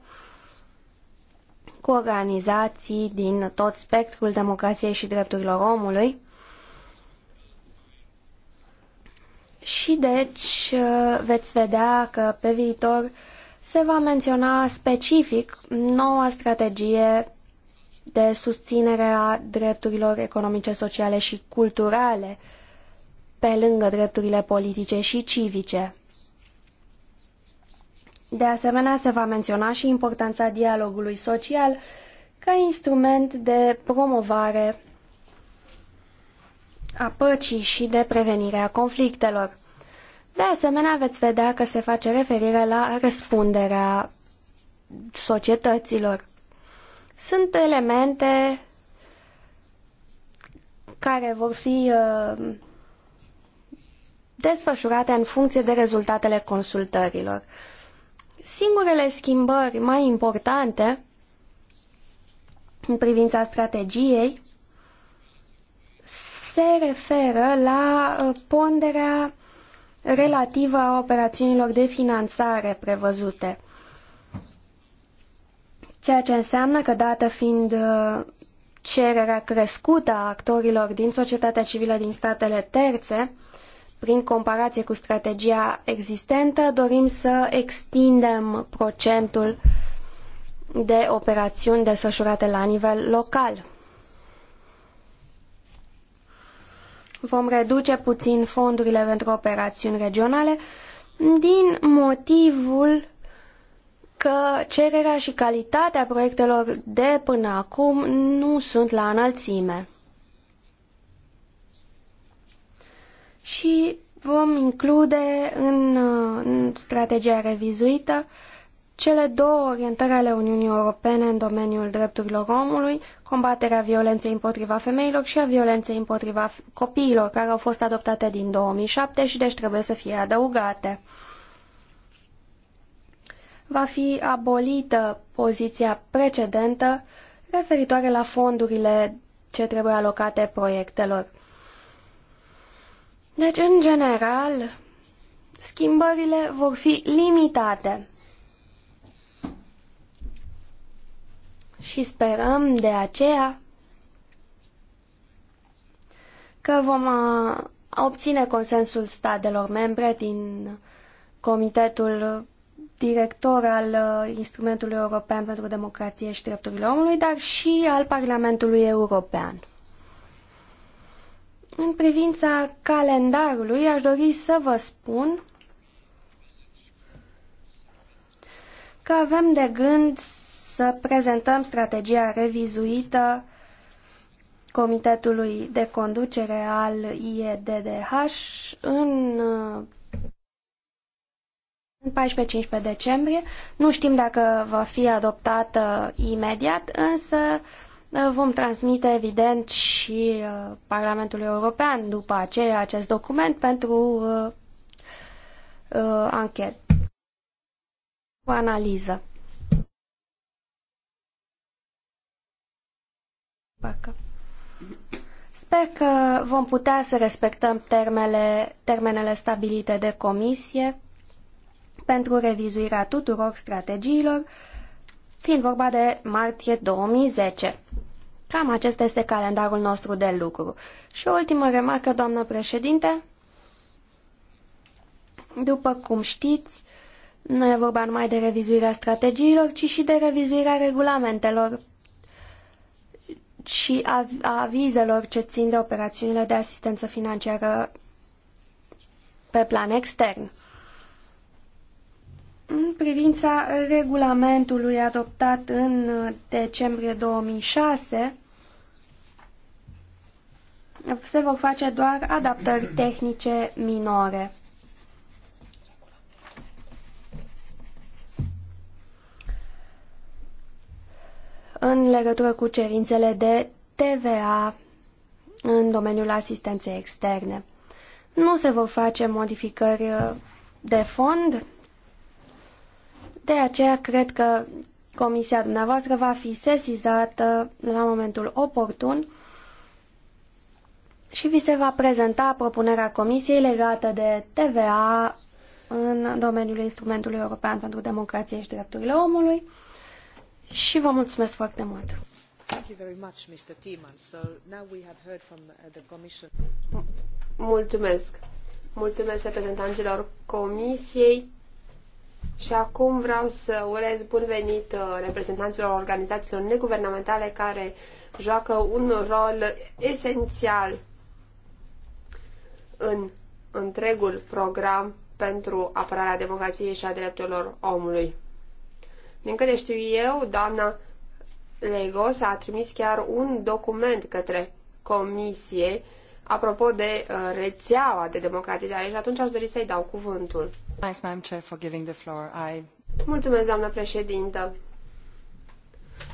cu organizații din tot spectrul democrației și drepturilor omului. Și deci veți vedea că pe viitor se va menționa specific noua strategie de susținere a drepturilor economice, sociale și culturale, pe lângă drepturile politice și civice. De asemenea, se va menționa și importanța dialogului social ca instrument de promovare a păcii și de prevenire a conflictelor. De asemenea, veți vedea că se face referire la răspunderea societăților. Sunt elemente care vor fi uh, desfășurate în funcție de rezultatele consultărilor. Singurele schimbări mai importante în privința strategiei se referă la uh, ponderea relativă a operațiunilor de finanțare prevăzute ceea ce înseamnă că, dată fiind uh, cererea crescută a actorilor din societatea civilă din statele terțe, prin comparație cu strategia existentă, dorim să extindem procentul de operațiuni desfășurate la nivel local. Vom reduce puțin fondurile pentru operațiuni regionale din motivul că cererea și calitatea proiectelor de până acum nu sunt la înălțime. Și vom include în, în strategia revizuită cele două orientări ale Uniunii Europene în domeniul drepturilor omului, combaterea violenței împotriva femeilor și a violenței împotriva copiilor, care au fost adoptate din 2007 și deci trebuie să fie adăugate va fi abolită poziția precedentă referitoare la fondurile ce trebuie alocate proiectelor. Deci, în general, schimbările vor fi limitate. Și sperăm de aceea că vom obține consensul statelor membre din Comitetul director al uh, Instrumentului European pentru Democrație și Drepturile Omului, dar și al Parlamentului European. În privința calendarului, aș dori să vă spun că avem de gând să prezentăm strategia revizuită Comitetului de Conducere al IEDDH în uh, în 14-15 decembrie. Nu știm dacă va fi adoptată imediat, însă uh, vom transmite evident și uh, Parlamentului European după aceea acest document pentru uh, uh, anchetă, o analiză. Parcă. Sper că vom putea să respectăm termele, termenele stabilite de comisie pentru revizuirea tuturor strategiilor, fiind vorba de martie 2010. Cam acesta este calendarul nostru de lucru. Și o ultimă remarcă, doamnă președinte. După cum știți, nu e vorba numai de revizuirea strategiilor, ci și de revizuirea regulamentelor și a avizelor ce țin de operațiunile de asistență financiară pe plan extern. În privința regulamentului adoptat în decembrie 2006, se vor face doar adaptări tehnice minore. În legătură cu cerințele de TVA în domeniul asistenței externe. Nu se vor face modificări de fond de aceea cred că comisia dumneavoastră va fi sesizată la momentul oportun și vi se va prezenta propunerea comisiei legată de TVA în domeniul instrumentului european pentru democrație și drepturile omului și vă mulțumesc foarte mult. Uh, mulțumesc. Mulțumesc reprezentanților comisiei. Și acum vreau să urez bun venit uh, reprezentanților organizațiilor neguvernamentale care joacă un rol esențial în întregul program pentru apărarea democrației și a drepturilor omului. Din câte știu eu, doamna Legos a trimis chiar un document către comisie apropo de uh, rețeaua de democratizare și atunci aș dori să-i dau cuvântul. Mulțumesc, doamnă președintă.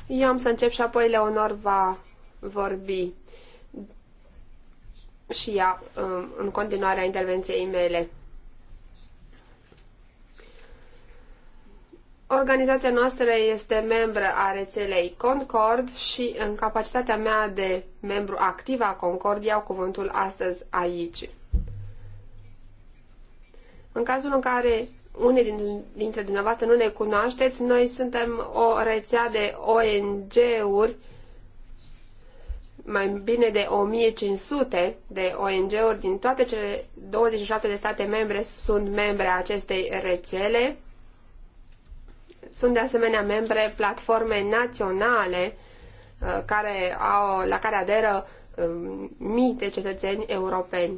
Eu am să încep și apoi Leonor va vorbi și ea um, în continuarea intervenției mele. Organizația noastră este membră a rețelei Concord și în capacitatea mea de membru activ a Concord iau cuvântul astăzi aici. În cazul în care unii dintre dumneavoastră nu ne cunoașteți, noi suntem o rețea de ONG-uri, mai bine de 1500 de ONG-uri din toate cele 27 de state membre sunt membre a acestei rețele. Sunt de asemenea membre platforme naționale uh, care au, la care aderă um, mii de cetățeni europeni.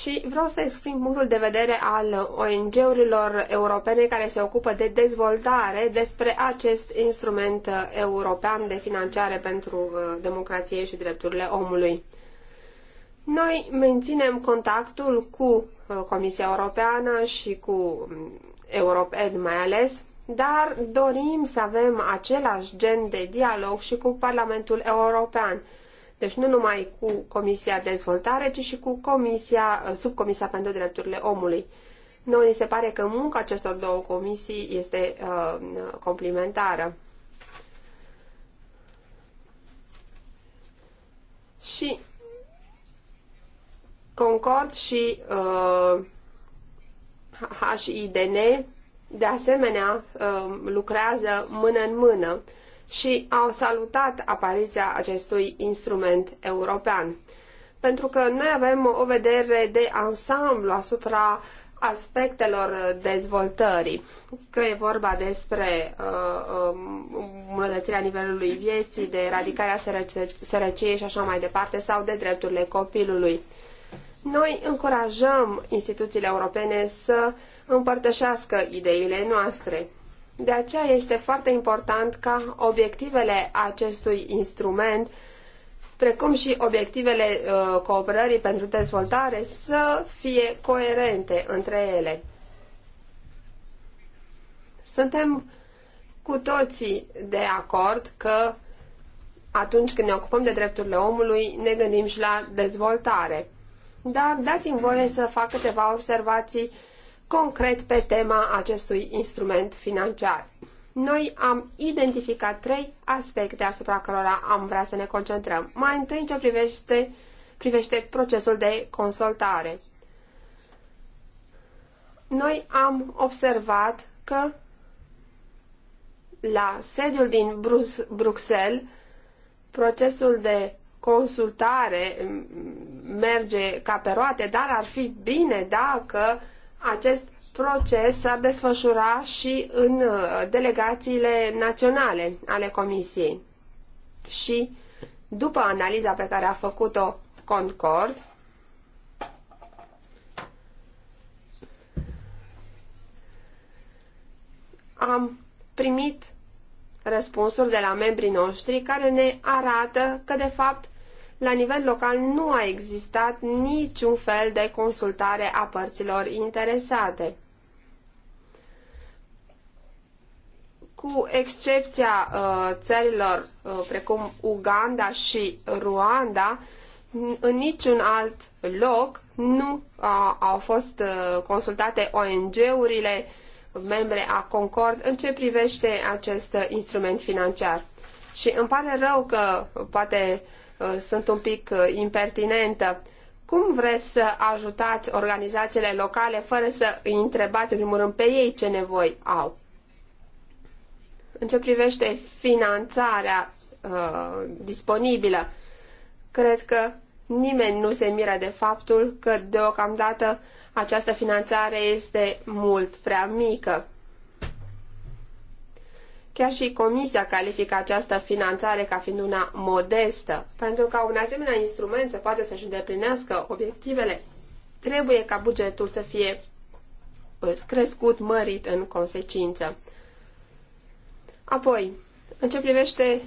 și vreau să exprim punctul de vedere al ONG-urilor europene care se ocupă de dezvoltare despre acest instrument uh, european de finanțare pentru uh, democrație și drepturile omului. Noi menținem contactul cu uh, Comisia Europeană și cu um, Europed mai ales, dar dorim să avem același gen de dialog și cu Parlamentul European deci nu numai cu Comisia Dezvoltare, ci și cu Comisia, uh, Subcomisia pentru Drepturile Omului. Noi ni se pare că munca acestor două comisii este uh, complementară. Și Concord și uh, HIDN de asemenea uh, lucrează mână în mână și au salutat apariția acestui instrument european. Pentru că noi avem o vedere de ansamblu asupra aspectelor dezvoltării, că e vorba despre uh, um, îmbunătățirea nivelului vieții, de eradicarea sărăciei și așa mai departe, sau de drepturile copilului. Noi încurajăm instituțiile europene să împărtășească ideile noastre. De aceea este foarte important ca obiectivele acestui instrument, precum și obiectivele uh, cooperării pentru dezvoltare, să fie coerente între ele. Suntem cu toții de acord că atunci când ne ocupăm de drepturile omului, ne gândim și la dezvoltare. Dar dați-mi voie să fac câteva observații concret pe tema acestui instrument financiar. Noi am identificat trei aspecte asupra cărora am vrea să ne concentrăm. Mai întâi ce privește, privește procesul de consultare. Noi am observat că la sediul din Bruxelles procesul de consultare mm, merge ca pe roate, dar ar fi bine dacă acest proces s-ar desfășura și în uh, delegațiile naționale ale Comisiei. Și după analiza pe care a făcut-o Concord, am primit răspunsuri de la membrii noștri care ne arată că, de fapt, la nivel local nu a existat niciun fel de consultare a părților interesate. Cu excepția uh, țărilor uh, precum Uganda și Ruanda, în niciun alt loc nu uh, au fost uh, consultate ONG-urile membre a Concord în ce privește acest instrument financiar. Și îmi pare rău că poate uh, Uh, sunt un pic uh, impertinentă. Cum vreți să ajutați organizațiile locale fără să îi întrebați, în primul rând, pe ei ce nevoi au? În ce privește finanțarea uh, disponibilă, cred că nimeni nu se miră de faptul că deocamdată această finanțare este mult prea mică. Chiar și Comisia califică această finanțare ca fiind una modestă. Pentru ca un asemenea instrument să poată să-și îndeplinească obiectivele, trebuie ca bugetul să fie uh, crescut, mărit în consecință. Apoi, în ce privește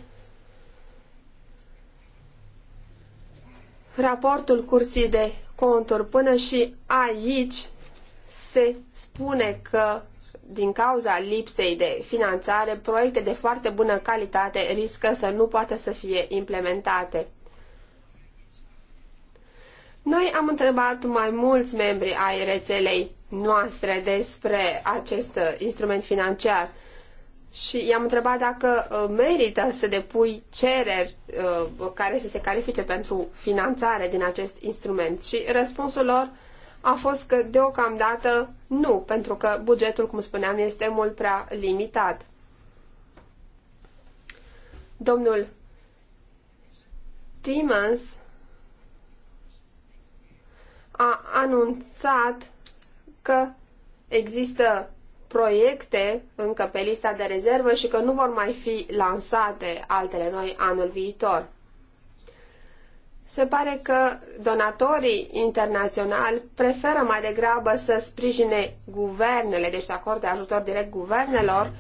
raportul curții de conturi, până și aici se spune că din cauza lipsei de finanțare, proiecte de foarte bună calitate riscă să nu poată să fie implementate. Noi am întrebat mai mulți membri ai rețelei noastre despre acest uh, instrument financiar și i-am întrebat dacă uh, merită să depui cereri uh, care să se califice pentru finanțare din acest instrument și răspunsul lor a fost că deocamdată nu, pentru că bugetul, cum spuneam, este mult prea limitat. Domnul Timmons a anunțat că există proiecte încă pe lista de rezervă și că nu vor mai fi lansate altele noi anul viitor. Se pare că donatorii internaționali preferă mai degrabă să sprijine guvernele, deci să acorde ajutor direct guvernelor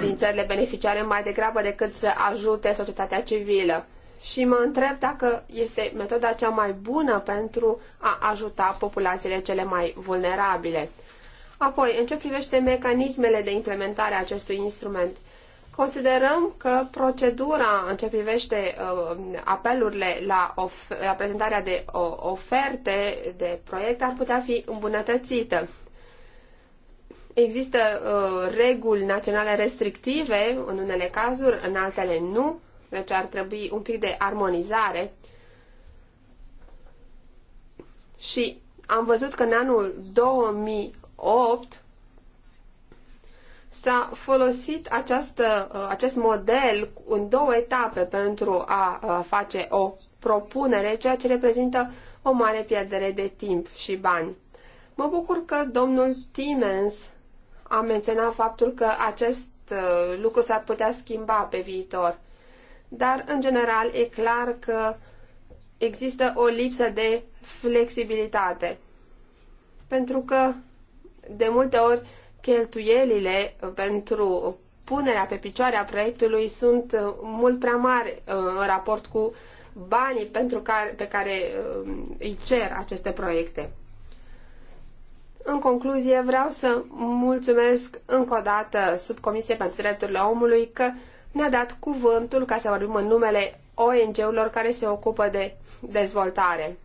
din țările beneficiare mai degrabă decât să ajute societatea civilă. Și mă întreb dacă este metoda cea mai bună pentru a ajuta populațiile cele mai vulnerabile. Apoi, în ce privește mecanismele de implementare a acestui instrument, Considerăm că procedura în ce privește uh, apelurile la, of- la prezentarea de uh, oferte de proiecte ar putea fi îmbunătățită. Există uh, reguli naționale restrictive, în unele cazuri, în altele nu, deci ar trebui un pic de armonizare. Și am văzut că în anul 2008 s-a folosit această, uh, acest model în două etape pentru a uh, face o propunere, ceea ce reprezintă o mare pierdere de timp și bani. Mă bucur că domnul Timens a menționat faptul că acest uh, lucru s-ar putea schimba pe viitor. Dar, în general, e clar că există o lipsă de flexibilitate. Pentru că, de multe ori, cheltuielile pentru punerea pe picioare a proiectului sunt uh, mult prea mari uh, în raport cu banii pentru care, pe care uh, îi cer aceste proiecte. În concluzie, vreau să mulțumesc încă o dată subcomisiei pentru Drepturile Omului că ne-a dat cuvântul ca să vorbim în numele ONG-urilor care se ocupă de dezvoltare.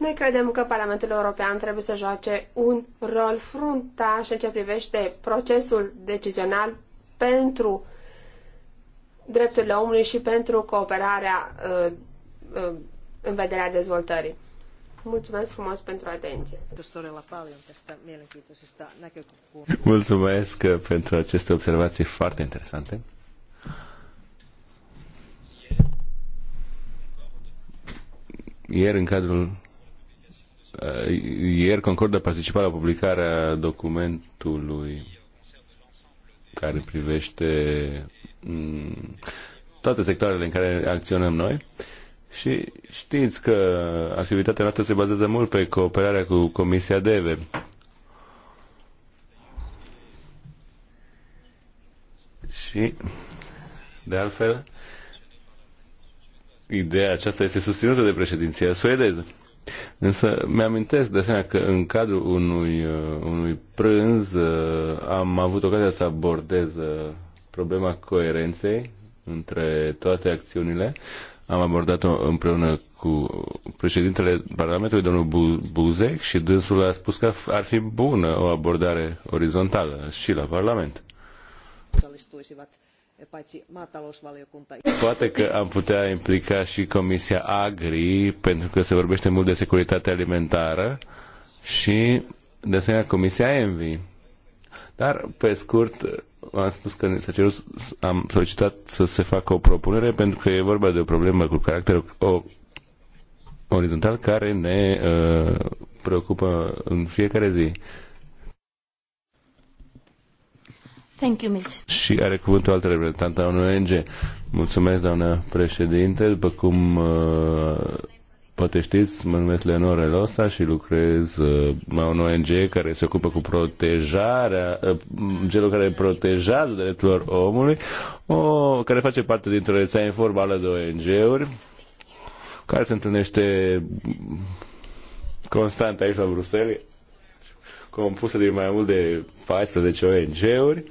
Noi credem că Parlamentul European trebuie să joace un rol fruntaș în ce privește procesul decizional pentru drepturile omului și pentru cooperarea uh, uh, în vederea dezvoltării. Mulțumesc frumos pentru atenție. Mulțumesc pentru aceste observații foarte interesante. Ieri, în cadrul Eh, ieri concordă participarea la publicarea documentului care privește mm, toate sectoarele în care acționăm noi. Și știți că activitatea noastră se bazează mult pe cooperarea cu Comisia DEVE. Și, de altfel, ideea aceasta este susținută de președinția suedeză. Însă mi-amintesc de asemenea că în cadrul unui, uh, unui prânz uh, am avut ocazia să abordez uh, problema coerenței între toate acțiunile. Am abordat-o împreună cu președintele Parlamentului, domnul Buzek, și dânsul a spus că ar fi bună o abordare orizontală și la Parlament. Poate că am putea implica și Comisia Agri, pentru că se vorbește mult de securitate alimentară și de asemenea Comisia Envi. Dar, pe scurt, am spus că s-a cerut, am solicitat să se facă o propunere pentru că e vorba de o problemă cu caracter o, orizontal care ne uh, preocupă în fiecare zi. Thank you, Mitch. Și are cuvântul altă reprezentantă a unui ONG. Mulțumesc, doamnă președinte. După cum uh, poate știți, mă numesc Leonore Losta și lucrez uh, la un ONG care se ocupă cu protejarea, uh, celor care protejează drepturilor omului, o, care face parte dintr-o rețea informală de ONG-uri, care se întâlnește constant aici la Bruxelles, compusă din mai mult de 14 ONG-uri,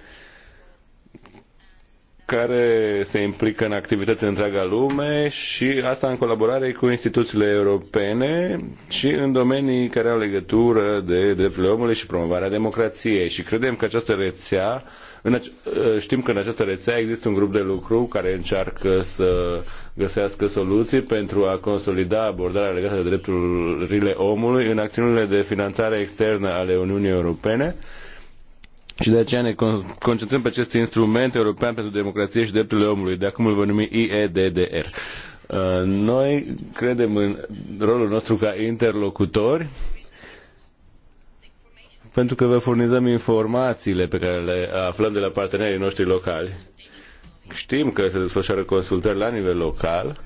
care se implică în activități în întreaga lume și asta în colaborare cu instituțiile europene și în domenii care au legătură de drepturile omului și promovarea democrației. Și credem că această rețea, în ace- ă, știm că în această rețea există un grup de lucru care încearcă să găsească soluții pentru a consolida abordarea legată de drepturile omului în acțiunile de finanțare externă ale Uniunii Europene și de aceea ne concentrăm pe acest instrument european pentru democrație și drepturile omului. De acum îl vom numi IEDDR. Uh, noi credem în rolul nostru ca interlocutori pentru că vă furnizăm informațiile pe care le aflăm de la partenerii noștri locali. Știm că se desfășoară consultări la nivel local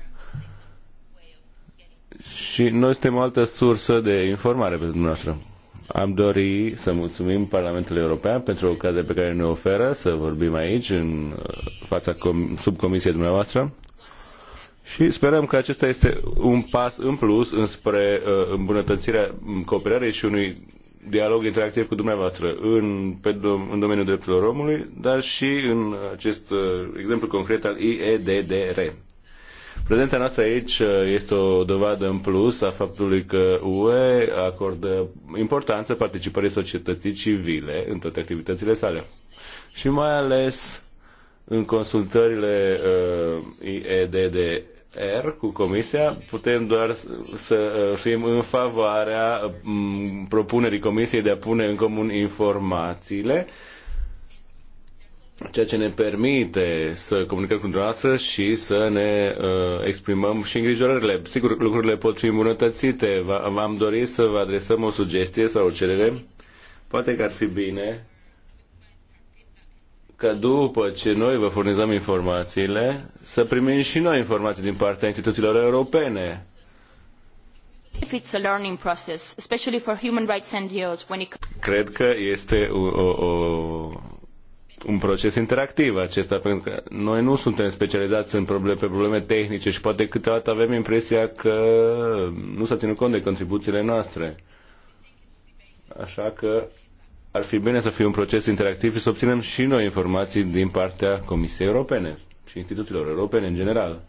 și noi suntem o altă sursă de informare pentru dumneavoastră. Am dori să mulțumim Parlamentului European pentru ocazia pe care ne oferă să vorbim aici, în uh, fața subcomisiei dumneavoastră. Și sperăm că acesta este un pas în plus înspre uh, îmbunătățirea cooperării și unui dialog interactiv cu dumneavoastră în, pe, în domeniul drepturilor omului, dar și în acest uh, exemplu concret al IEDDR. Prezența noastră aici uh, este o dovadă în plus a faptului că UE acordă importanță participării societății civile în toate activitățile sale. Și mai ales în consultările uh, EDDR IEDDR cu Comisia, putem doar să uh, fim în favoarea mm, propunerii Comisiei de a pune în comun informațiile uh, ceea ce ne permite să comunicăm cu dumneavoastră și să ne uh, exprimăm și îngrijorările. Sigur, lucrurile pot fi îmbunătățite. V-am dorit să vă adresăm o sugestie sau o cerere. Poate că ar fi bine că după ce noi vă furnizăm informațiile, să primim și noi informații din partea instituțiilor europene. Cred că este o, o, un proces interactiv acesta, pentru că noi nu suntem specializați în probleme, pe probleme tehnice și poate câteodată avem impresia că nu s-a ținut cont de contribuțiile noastre. Așa că ar fi bine să fie un proces interactiv și să obținem și noi informații din partea Comisiei Europene și instituțiilor europene în general.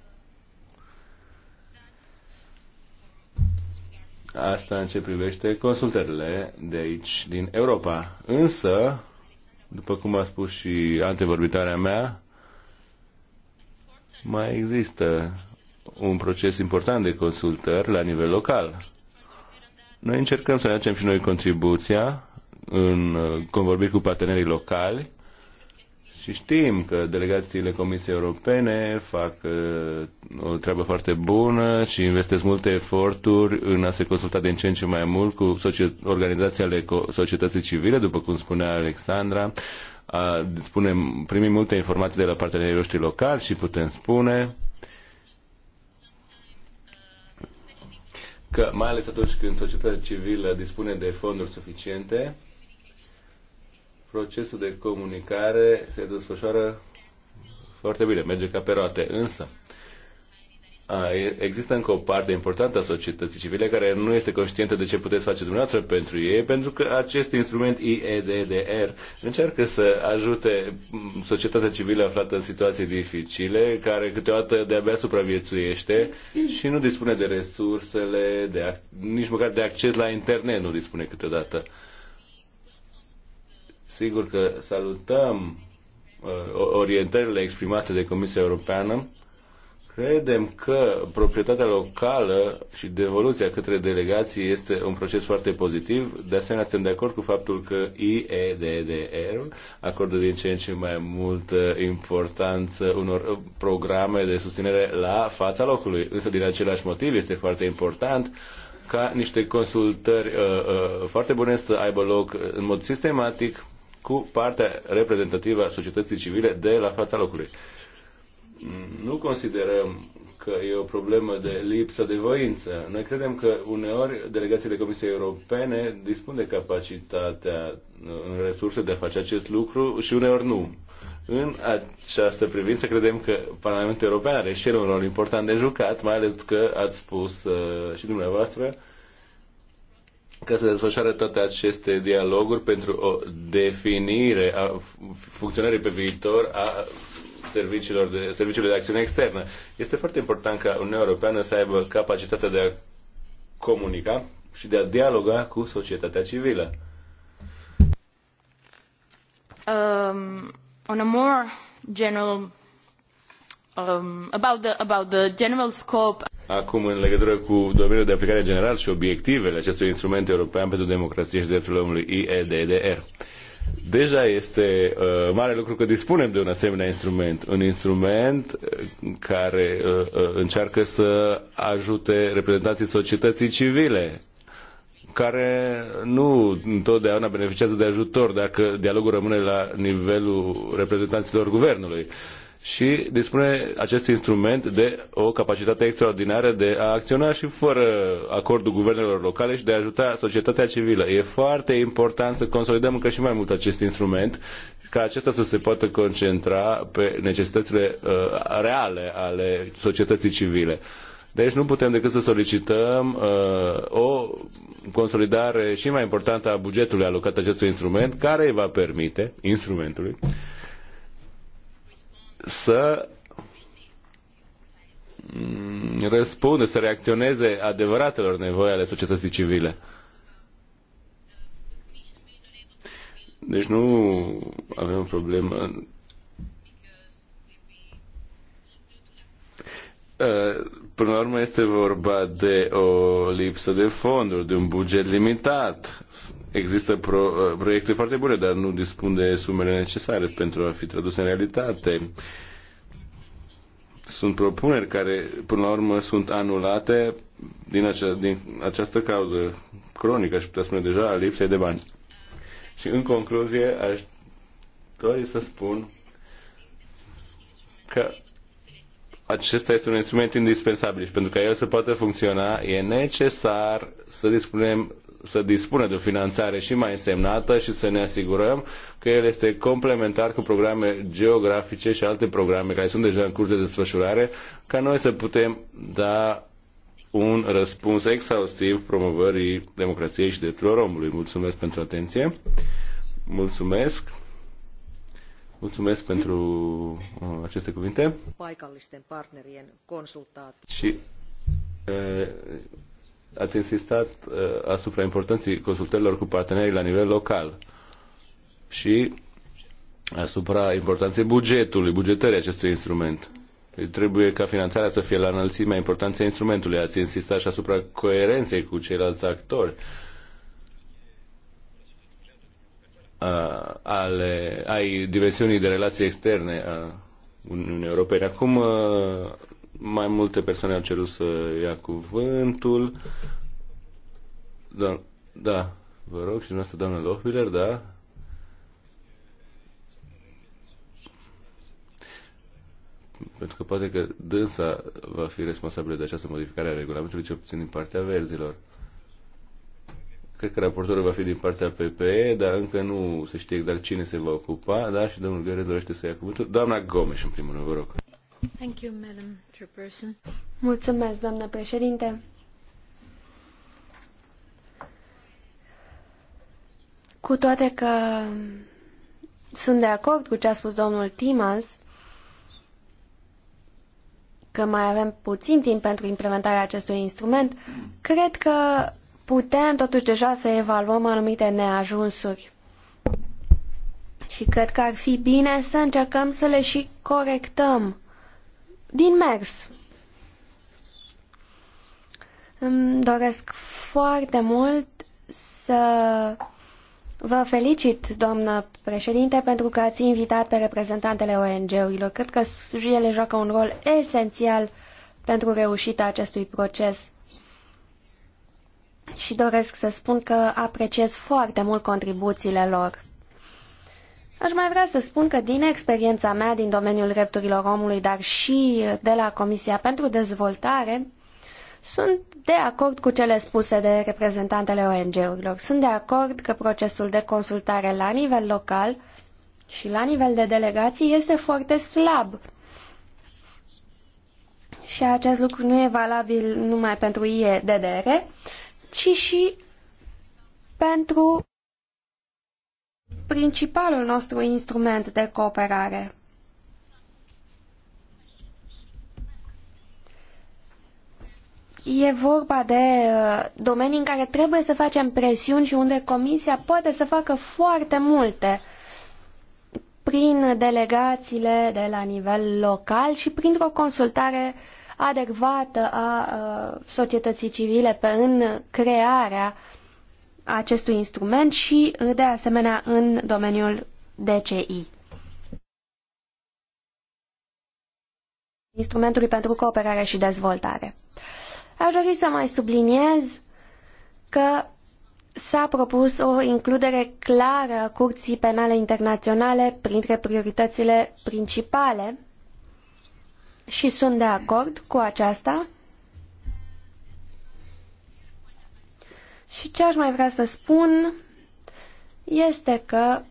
Asta în ce privește consultările de aici, din Europa. Însă, după cum a spus și antevorbitoarea mea, mai există un proces important de consultări la nivel local. Noi încercăm să ne facem și noi contribuția în uh, convorbiri cu partenerii locali și știm că delegațiile Comisiei Europene fac uh, o treabă foarte bună și investesc multe eforturi în a se consulta din ce în ce mai mult cu organizațiile societății civile, după cum spunea Alexandra. Spunem, primim multe informații de la partenerii noștri locali și putem spune că mai ales atunci când societatea civilă dispune de fonduri suficiente, procesul de comunicare se desfășoară foarte bine, merge ca pe roate. Însă, a, există încă o parte importantă a societății civile care nu este conștientă de ce puteți face dumneavoastră pentru ei, pentru că acest instrument IEDDR încearcă să ajute societatea civilă aflată în situații dificile, care câteodată de-abia supraviețuiește și nu dispune de resursele, de, nici măcar de acces la internet nu dispune câteodată. Uh, Sigur că salutăm uh, orientările exprimate de Comisia Europeană. Credem că proprietatea locală și devoluția către delegații este un proces foarte pozitiv. De asemenea, suntem de acord cu faptul că ieddr acordă din ce în ce mai multă importanță unor programe de susținere la fața locului. Însă, din același motiv, este foarte important ca niște consultări uh, uh, foarte bune să aibă loc în mod sistematic cu partea reprezentativă a societății civile de la fața locului. Nu considerăm că e o problemă de lipsă de voință. Noi credem că uneori delegațiile Comisiei Europene dispun de capacitatea uh, în resurse de a face acest lucru și uneori nu. În această privință credem că Parlamentul European are și el un rol important de jucat, mai ales că ați spus uh, și dumneavoastră uh, ca să desfășoare toate aceste dialoguri pentru o definire a funcționării pe viitor a serviciilor de, serviciilor de acțiune externă. Este foarte important ca Uniunea Europeană să aibă capacitatea de a comunica și de a dialoga cu societatea civilă. Um, on a more general um, about the about the general scope Acum, în legătură cu domeniul de aplicare general și obiectivele acestui instrument european pentru democrație și drepturile omului, IEDDR. Deja este uh, mare lucru că dispunem de un asemenea instrument, un instrument uh, care uh, uh, încearcă să ajute reprezentanții societății civile care nu întotdeauna beneficiază de ajutor dacă dialogul rămâne la nivelul reprezentanților guvernului. Uh, și dispune acest instrument de o capacitate extraordinară de a acționa și fără acordul guvernelor locale și de a ajuta societatea civilă. E foarte important să consolidăm încă și mai mult acest instrument ca acesta să se poată concentra pe necesitățile uh, reale ale societății civile. Deci nu putem decât să solicităm uh, o consolidare și mai importantă a bugetului alocat acestui instrument, care îi va permite, instrumentului, să răspunde, să reacționeze adevăratelor nevoi ale societății civile. Deci nu avem o problemă. Uh, până la urmă este vorba de o lipsă de fonduri, de un buget limitat Există pro, uh, proiecte foarte bune, dar nu dispun de sumele necesare pentru a fi traduse în realitate. Sunt propuneri care, până la urmă, sunt anulate din, acea, din această cauză cronică, aș putea spune deja, a lipsei de bani. Și, în concluzie, aș dori să spun că acesta este un instrument indispensabil și pentru ca el să poată funcționa e necesar să dispunem să dispună de o finanțare și mai însemnată și să ne asigurăm că el este complementar cu programe geografice și alte programe care sunt deja în curs de desfășurare, ca noi să putem da un răspuns exhaustiv promovării democrației și drepturilor omului. Mulțumesc pentru atenție. Mulțumesc. Mulțumesc pentru uh, aceste cuvinte. Paikallisten partnerien Și uh, ați insistat uh, asupra importanței consultărilor cu partenerii la nivel local și asupra importanței bugetului, bugetării acestui instrument. Deci trebuie ca finanțarea să fie la înălțimea importanței instrumentului. Ați insistat și asupra coerenței cu ceilalți actori uh, ale, ai dimensiunii de relații externe a Uniunii Europene. Acum uh, mai multe persoane au cerut să ia cuvântul. Da, da vă rog și dumneavoastră, doamnă Lohbiller, da? Pentru că poate că dânsa va fi responsabilă de această modificare a regulamentului, cel puțin din partea verzilor. Cred că raportorul va fi din partea PPE, dar încă nu se știe exact cine se va ocupa, da? Și domnul Gheorghe dorește să ia cuvântul. Doamna Gomes, în primul rând, vă rog. Mulțumesc, președinte. Cu toate că sunt de acord cu ce a spus domnul Timas, că mai avem puțin timp pentru implementarea acestui instrument, cred că putem totuși deja să evaluăm anumite neajunsuri. Și cred că ar fi bine să încercăm să le și corectăm din mers. Îmi doresc foarte mult să vă felicit, doamnă președinte, pentru că ați invitat pe reprezentantele ONG-urilor. Cred că ele joacă un rol esențial pentru reușita acestui proces. Și doresc să spun că apreciez foarte mult contribuțiile lor. Aș mai vrea să spun că din experiența mea din domeniul drepturilor omului, dar și de la Comisia pentru Dezvoltare, sunt de acord cu cele spuse de reprezentantele ONG-urilor. Sunt de acord că procesul de consultare la nivel local și la nivel de delegații este foarte slab. Și acest lucru nu e valabil numai pentru IEDDR, ci și pentru principalul nostru instrument de cooperare. E vorba de uh, domenii în care trebuie să facem presiuni și unde Comisia poate să facă foarte multe prin delegațiile de la nivel local și printr-o consultare adecvată a uh, societății civile pe, în crearea acestui instrument și, de asemenea, în domeniul DCI. Instrumentului pentru cooperare și dezvoltare. Aș dori să mai subliniez că s-a propus o includere clară a Curții Penale Internaționale printre prioritățile principale și sunt de acord cu aceasta. Și ce aș mai vrea să spun este că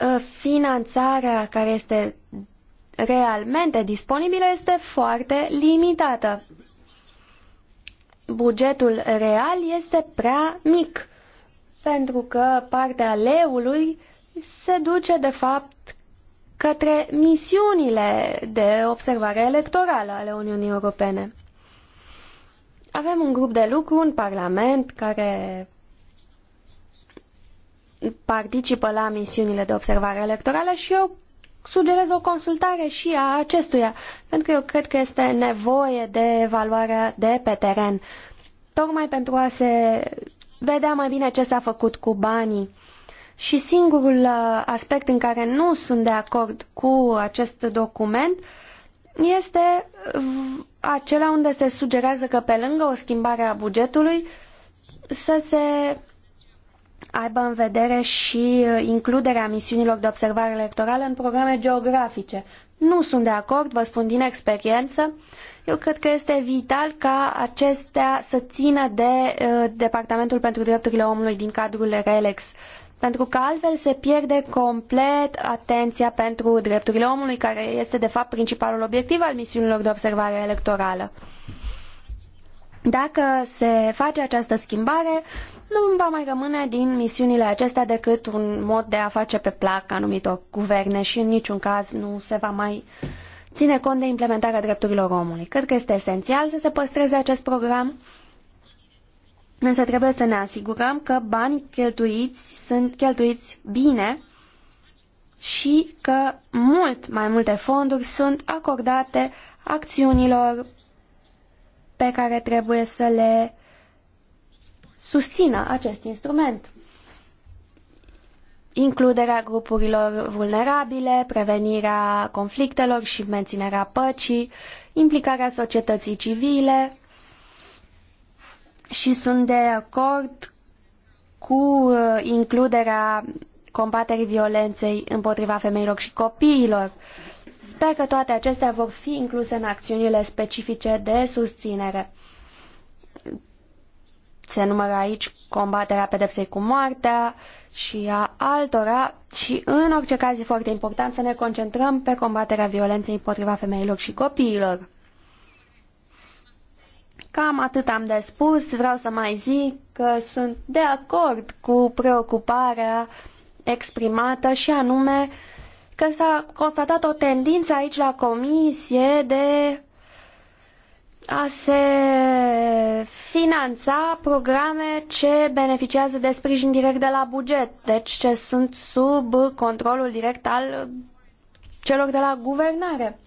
ă, finanțarea care este realmente disponibilă este foarte limitată. Bugetul real este prea mic, pentru că partea leului se duce, de fapt, către misiunile de observare electorală ale Uniunii Europene. Avem un grup de lucru în Parlament care participă la misiunile de observare electorală și eu sugerez o consultare și a acestuia, pentru că eu cred că este nevoie de evaluarea de pe teren, tocmai pentru a se vedea mai bine ce s-a făcut cu banii. Și singurul uh, aspect în care nu sunt de acord cu acest document este acela unde se sugerează că pe lângă o schimbare a bugetului să se aibă în vedere și uh, includerea misiunilor de observare electorală în programe geografice. Nu sunt de acord, vă spun din experiență. Eu cred că este vital ca acestea să țină de uh, Departamentul pentru Drepturile Omului din cadrul RELEX. Uh, pentru că altfel se pierde complet atenția pentru drepturile omului, care este de fapt principalul obiectiv al misiunilor de observare electorală. Dacă se face această schimbare, nu va mai rămâne din misiunile acestea decât un mod de a face pe plac anumitor guverne și în niciun caz nu se va mai ține cont de implementarea drepturilor omului. Cred că este esențial să se păstreze acest program Însă trebuie să ne asigurăm că banii cheltuiți sunt cheltuiți bine și că mult mai multe fonduri sunt acordate acțiunilor pe care trebuie să le susțină acest instrument. Includerea grupurilor vulnerabile, prevenirea conflictelor și menținerea păcii, implicarea societății civile, și sunt de acord cu uh, includerea combaterii violenței împotriva femeilor și copiilor. Sper că toate acestea vor fi incluse în acțiunile specifice de susținere. Se numără aici combaterea pedepsei cu moartea și a altora și în orice caz e foarte important să ne concentrăm pe combaterea violenței împotriva femeilor și copiilor. Cam atât am de spus. Vreau să mai zic că sunt de acord cu preocuparea exprimată și anume că s-a constatat o tendință aici la comisie de a se finanța programe ce beneficiază de sprijin direct de la buget, deci ce sunt sub controlul direct al celor de la guvernare.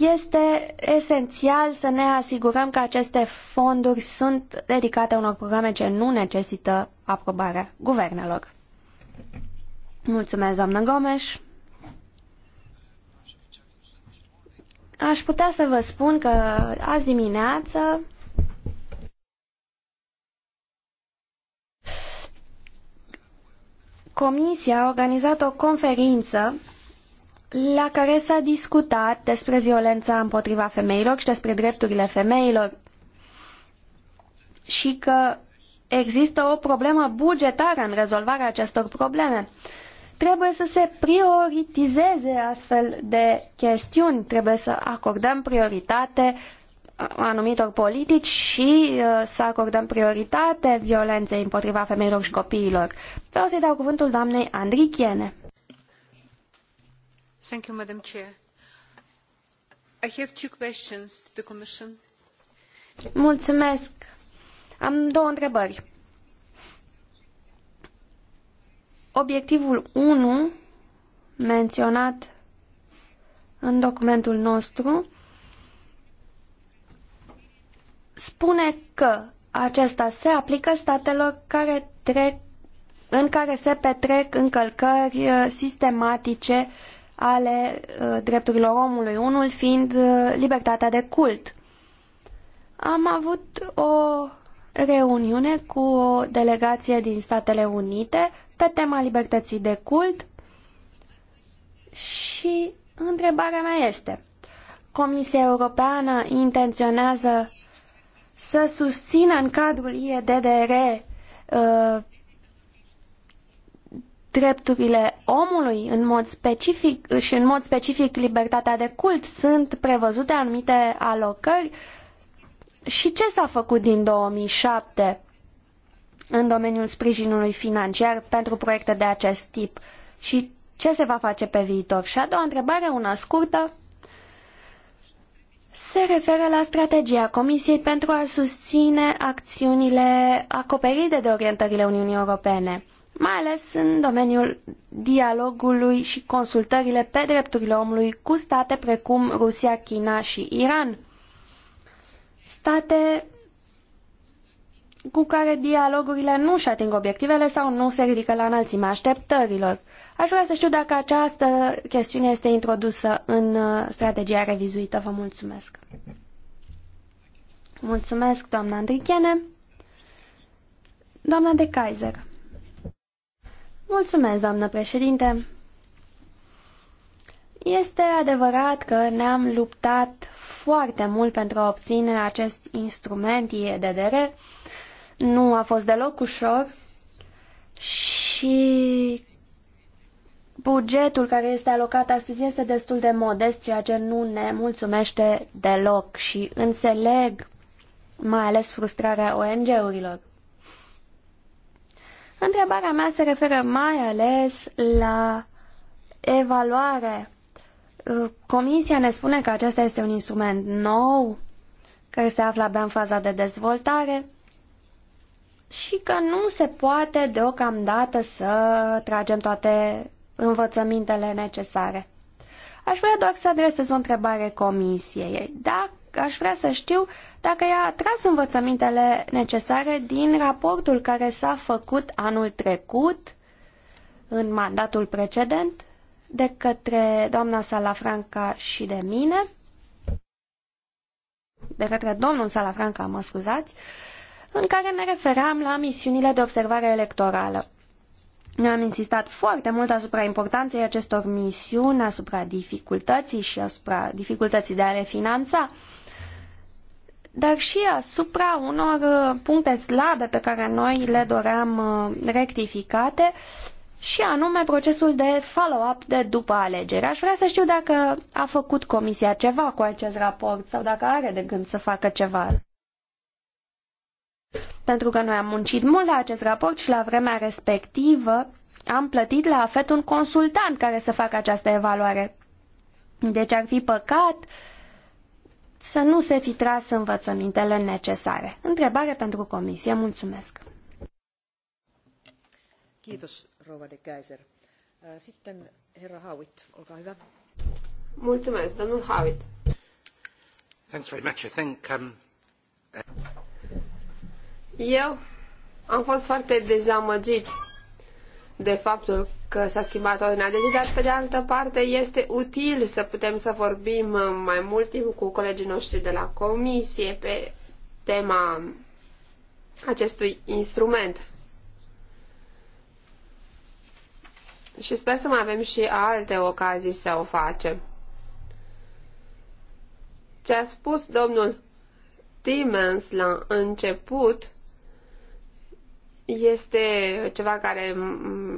Este esențial să ne asigurăm că aceste fonduri sunt dedicate unor programe ce nu necesită aprobarea guvernelor. Mulțumesc, doamnă Gomes. Aș putea să vă spun că azi dimineață Comisia a organizat o conferință la care s-a discutat despre violența împotriva femeilor și despre drepturile femeilor și că există o problemă bugetară în rezolvarea acestor probleme. Trebuie să se prioritizeze astfel de chestiuni, trebuie să acordăm prioritate anumitor politici și uh, să acordăm prioritate violenței împotriva femeilor și copiilor. Vreau să-i dau cuvântul doamnei Andrichiene. Mulțumesc. Am două întrebări. Obiectivul 1 menționat în documentul nostru spune că acesta se aplică statelor care trec, în care se petrec încălcări uh, sistematice ale uh, drepturilor omului, unul fiind uh, libertatea de cult. Am avut o reuniune cu o delegație din Statele Unite pe tema libertății de cult și întrebarea mea este, Comisia Europeană intenționează să susțină în cadrul IEDDR uh, drepturile omului, în mod specific și în mod specific libertatea de cult, sunt prevăzute anumite alocări și ce s-a făcut din 2007 în domeniul sprijinului financiar pentru proiecte de acest tip și ce se va face pe viitor? Și a doua întrebare, una scurtă, se referă la strategia Comisiei pentru a susține acțiunile acoperite de orientările Uniunii Europene mai ales în domeniul dialogului și consultările pe drepturile omului cu state precum Rusia, China și Iran. State cu care dialogurile nu își ating obiectivele sau nu se ridică la înălțimea așteptărilor. Aș vrea să știu dacă această chestiune este introdusă în uh, strategia revizuită. Vă mulțumesc. Mulțumesc, doamna Andrichene. Doamna de Kaiser. Mulțumesc, doamnă președinte. Este adevărat că ne-am luptat foarte mult pentru a obține acest instrument IEDDR. Nu a fost deloc ușor și bugetul care este alocat astăzi este destul de modest, ceea ce nu ne mulțumește deloc și înțeleg mai ales frustrarea ONG-urilor. Întrebarea mea se referă mai ales la evaluare. Uh, Comisia ne spune că acesta este un instrument nou, care se află abia în faza de dezvoltare și că nu se poate deocamdată să tragem toate învățămintele necesare. Aș vrea doar să adresez o întrebare comisiei. Dacă aș vrea să știu dacă i-a tras învățămintele necesare din raportul care s-a făcut anul trecut, în mandatul precedent, de către doamna Salafranca și de mine, de către domnul Salafranca, mă scuzați, în care ne refeream la misiunile de observare electorală. Ne-am insistat foarte mult asupra importanței acestor misiuni, asupra dificultății și asupra dificultății de a le finanța dar și asupra unor uh, puncte slabe pe care noi le doream uh, rectificate și anume procesul de follow-up de după alegeri. Aș vrea să știu dacă a făcut comisia ceva cu acest raport sau dacă are de gând să facă ceva. Pentru că noi am muncit mult la acest raport și la vremea respectivă am plătit la AFET un consultant care să facă această evaluare. Deci ar fi păcat uh, să nu se fi tras învățămintele necesare. Întrebare pentru comisie. Mulțumesc. Kiitos, rouva de Geiser. Äh, sitten herra Howitt, olkaa hyvä. Mulțumesc, domnul Howitt. Thanks very much. I think, um... Uh, Eu am fost foarte dezamăgit de faptul că s-a schimbat ordinea de zi, dar pe de altă parte este util să putem să vorbim uh, mai mult timp cu colegii noștri de la comisie pe tema acestui instrument. Și sper să mai avem și alte ocazii să o facem. Ce a spus domnul Timens la început este ceva care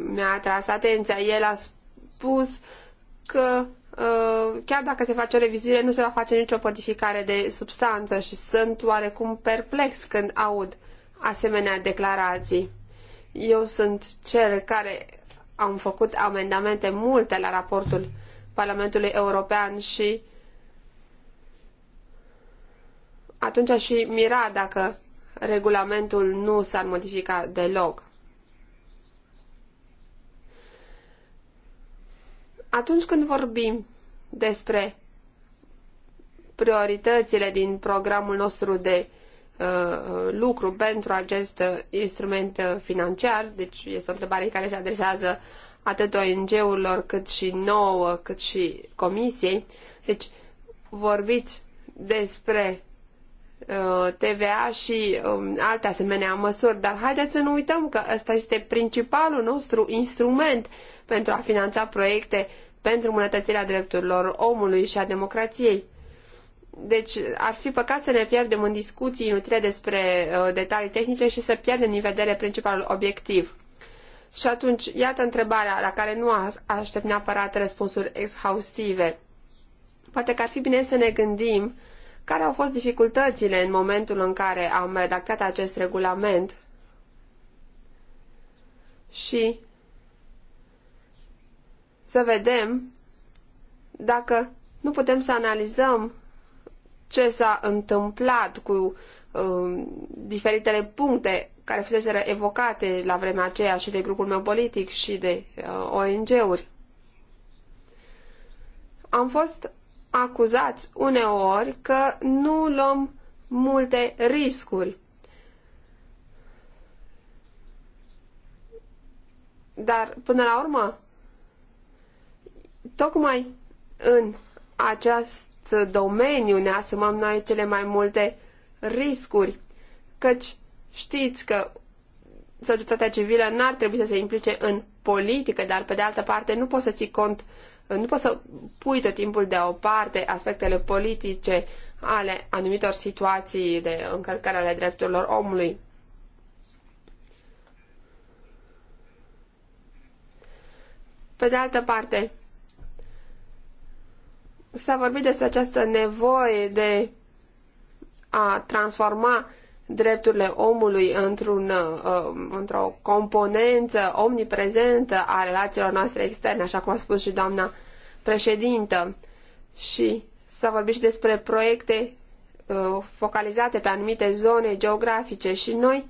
mi-a atras atenția. El a spus că uh, chiar dacă se face o revizuire, nu se va face nicio modificare de substanță și sunt oarecum perplex când aud asemenea declarații. Eu sunt cel care am făcut amendamente multe la raportul Parlamentului European și atunci aș fi mirat dacă regulamentul nu s-ar modifica deloc. Atunci când vorbim despre prioritățile din programul nostru de uh, lucru pentru acest uh, instrument uh, financiar, deci este o întrebare care se adresează atât ONG-urilor cât și nouă, cât și comisiei. Deci vorbiți despre Uh, TVA și um, alte asemenea măsuri, dar haideți să nu uităm că ăsta este principalul nostru instrument pentru a finanța proiecte pentru îmbunătățirea drepturilor omului și a democrației. Deci ar fi păcat să ne pierdem în discuții inutile despre uh, detalii tehnice și să pierdem din vedere principalul obiectiv. Și atunci, iată întrebarea la care nu aștept neapărat răspunsuri exhaustive. Poate că ar fi bine să ne gândim uh, care au fost dificultățile în momentul în care am redactat acest regulament și să vedem dacă nu putem să analizăm ce s-a întâmplat cu uh, diferitele puncte care fusese evocate la vremea aceea și de grupul meu politic și de uh, ONG-uri. Am fost acuzați uneori că nu luăm multe riscuri. Dar, până la urmă, tocmai în acest domeniu ne asumăm noi cele mai multe riscuri, căci știți că societatea civilă n-ar trebui să se implice în politică, dar pe de altă parte nu poți să ții cont nu poți să pui tot timpul de o parte aspectele politice ale anumitor situații de încălcare ale drepturilor omului. Pe de altă parte, s-a vorbit despre această nevoie de a transforma drepturile omului într-un, uh, într-o componență omniprezentă a relațiilor noastre externe, așa cum a spus și doamna președintă. Și s-a vorbit și despre proiecte uh, focalizate pe anumite zone geografice și noi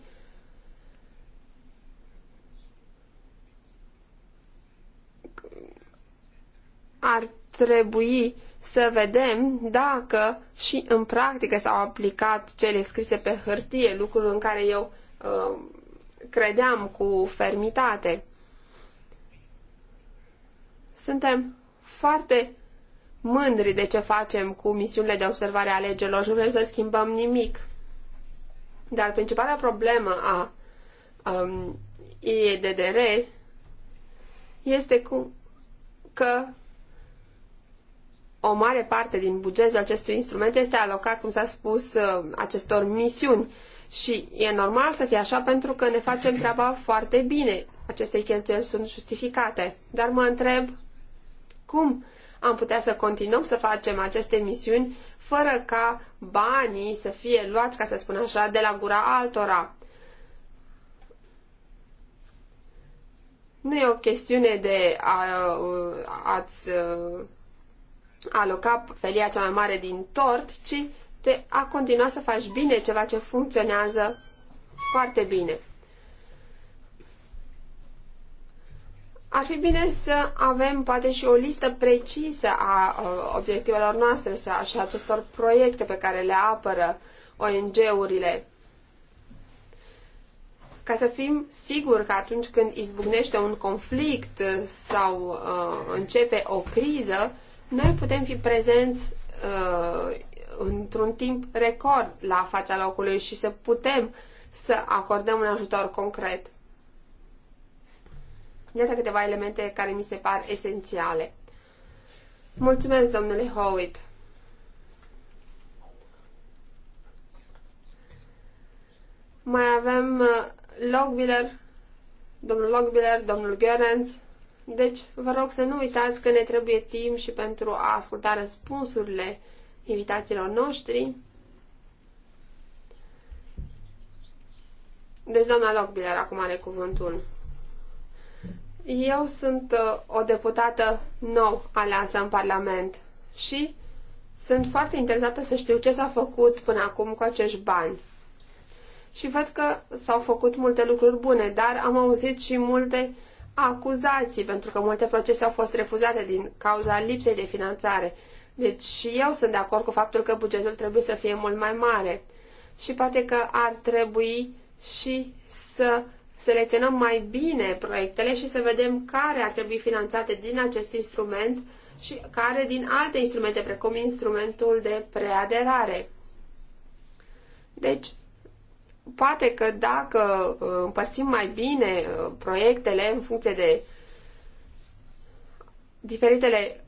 ar trebui să vedem dacă și în practică s-au aplicat cele scrise pe hârtie, lucrul în care eu uh, credeam cu fermitate. Suntem foarte mândri de ce facem cu misiunile de observare a legelor. și nu vrem să schimbăm nimic. Dar principala problemă a um, IEDDR este cu, că o mare parte din bugetul acestui instrument este alocat, cum s-a spus, uh, acestor misiuni. Și e normal să fie așa pentru că ne facem treaba foarte bine. Aceste cheltuieli sunt justificate. Dar mă întreb cum am putea să continuăm să facem aceste misiuni fără ca banii să fie luați, ca să spun așa, de la gura altora. Nu e o chestiune de a, a, uh, ați a, uh, aloca felia cea mai mare din tort, ci de a continua să faci bine ceva ce funcționează foarte bine. Ar fi bine să avem poate și o listă precisă a uh, obiectivelor noastre și a acestor proiecte pe care le apără ONG-urile. Ca să fim siguri că atunci când izbucnește un conflict uh, sau uh, începe o criză, noi putem fi prezenți uh, într-un timp record la fața locului și să putem să acordăm un ajutor concret. Iată câteva elemente care mi se par esențiale. Mulțumesc, domnule Howitt. Mai avem uh, Logbiller, domnul Logbiller, domnul Gerenz, deci, vă rog să nu uitați că ne trebuie timp și pentru a asculta răspunsurile invitațiilor noștri. Deci, doamna Lockbiller acum are cuvântul. Eu sunt uh, o deputată nou aleasă în Parlament și sunt foarte interesată să știu ce s-a făcut până acum cu acești bani. Și văd că s-au făcut multe lucruri bune, dar am auzit și multe acuzații, pentru că multe procese au fost refuzate din cauza lipsei de finanțare. Deci și eu sunt de acord cu faptul că bugetul trebuie să fie mult mai mare. Și poate că ar trebui și să selecționăm mai bine proiectele și să vedem care ar trebui finanțate din acest instrument și care din alte instrumente, precum instrumentul de preaderare. Deci, poate că dacă uh, împărțim mai bine uh, proiectele în funcție de diferitele